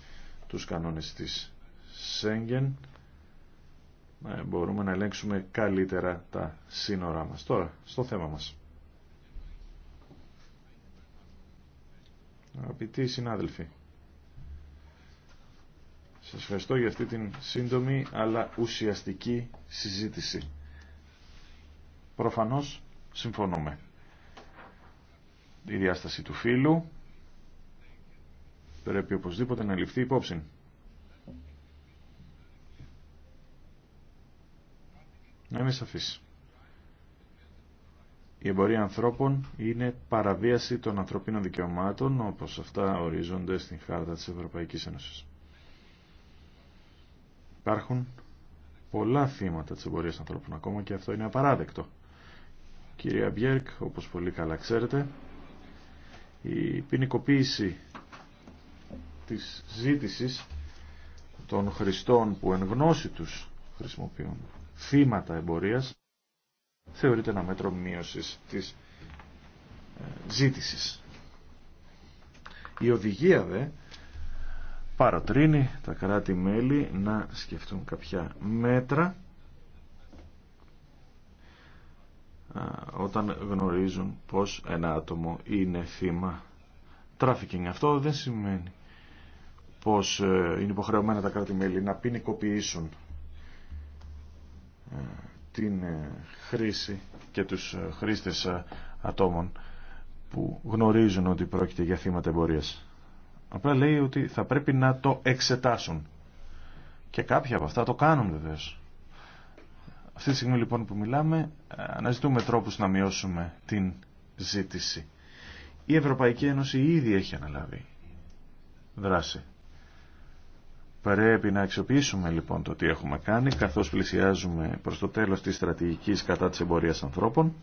S3: τους κανόνες της Σέγγεν, ε, μπορούμε να ελέγξουμε καλύτερα τα σύνορά μας. Τώρα, στο θέμα μας. Αγαπητοί συνάδελφοι, σας ευχαριστώ για αυτή την σύντομη αλλά ουσιαστική συζήτηση. Προφανώς συμφωνούμε. Η διάσταση του φίλου πρέπει οπωσδήποτε να ληφθεί υπόψη. Να είμαι σαφής. Η εμπορία ανθρώπων είναι παραβίαση των ανθρωπίνων δικαιωμάτων, όπως αυτά ορίζονται στην Χάρτα της Ευρωπαϊκής Ένωσης. Υπάρχουν πολλά θύματα της εμπορίας ανθρώπων ακόμα και αυτό είναι απαράδεκτο. Κυρία Μπιέρκ, όπως πολύ καλά ξέρετε, η ποινικοποίηση της ζήτησης των χρηστών που εν γνώση τους χρησιμοποιούν θύματα εμπορίας θεωρείται ένα μέτρο μείωσης της ε, ζήτησης. Η οδηγία δε παροτρύνει τα κράτη-μέλη να σκεφτούν κάποια μέτρα ε, όταν γνωρίζουν πως ένα άτομο είναι θύμα τράφικινγκ. Αυτό δεν σημαίνει πως ε, είναι υποχρεωμένα τα κράτη-μέλη να ποινικοποιήσουν την ε, χρήση και τους ε, χρήστες ε, ατόμων που γνωρίζουν ότι πρόκειται για θύματα εμπορίας. Απλά λέει ότι θα πρέπει να το εξετάσουν. Και κάποια από αυτά το κάνουν βεβαίω. Αυτή τη στιγμή λοιπόν που μιλάμε αναζητούμε τρόπους να μειώσουμε την ζήτηση. Η Ευρωπαϊκή Ένωση ήδη έχει αναλάβει δράση. Πρέπει να αξιοποιήσουμε λοιπόν το τι έχουμε κάνει καθώς πλησιάζουμε προς το τέλος της στρατηγικής κατά της εμπορίας ανθρώπων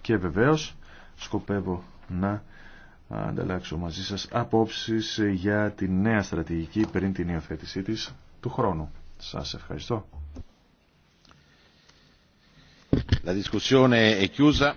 S3: και βεβαίως σκοπεύω να ανταλλάξω μαζί σας απόψεις για τη νέα στρατηγική πριν την υιοθέτησή της του χρόνου. Σας ευχαριστώ. La discussione è chiusa.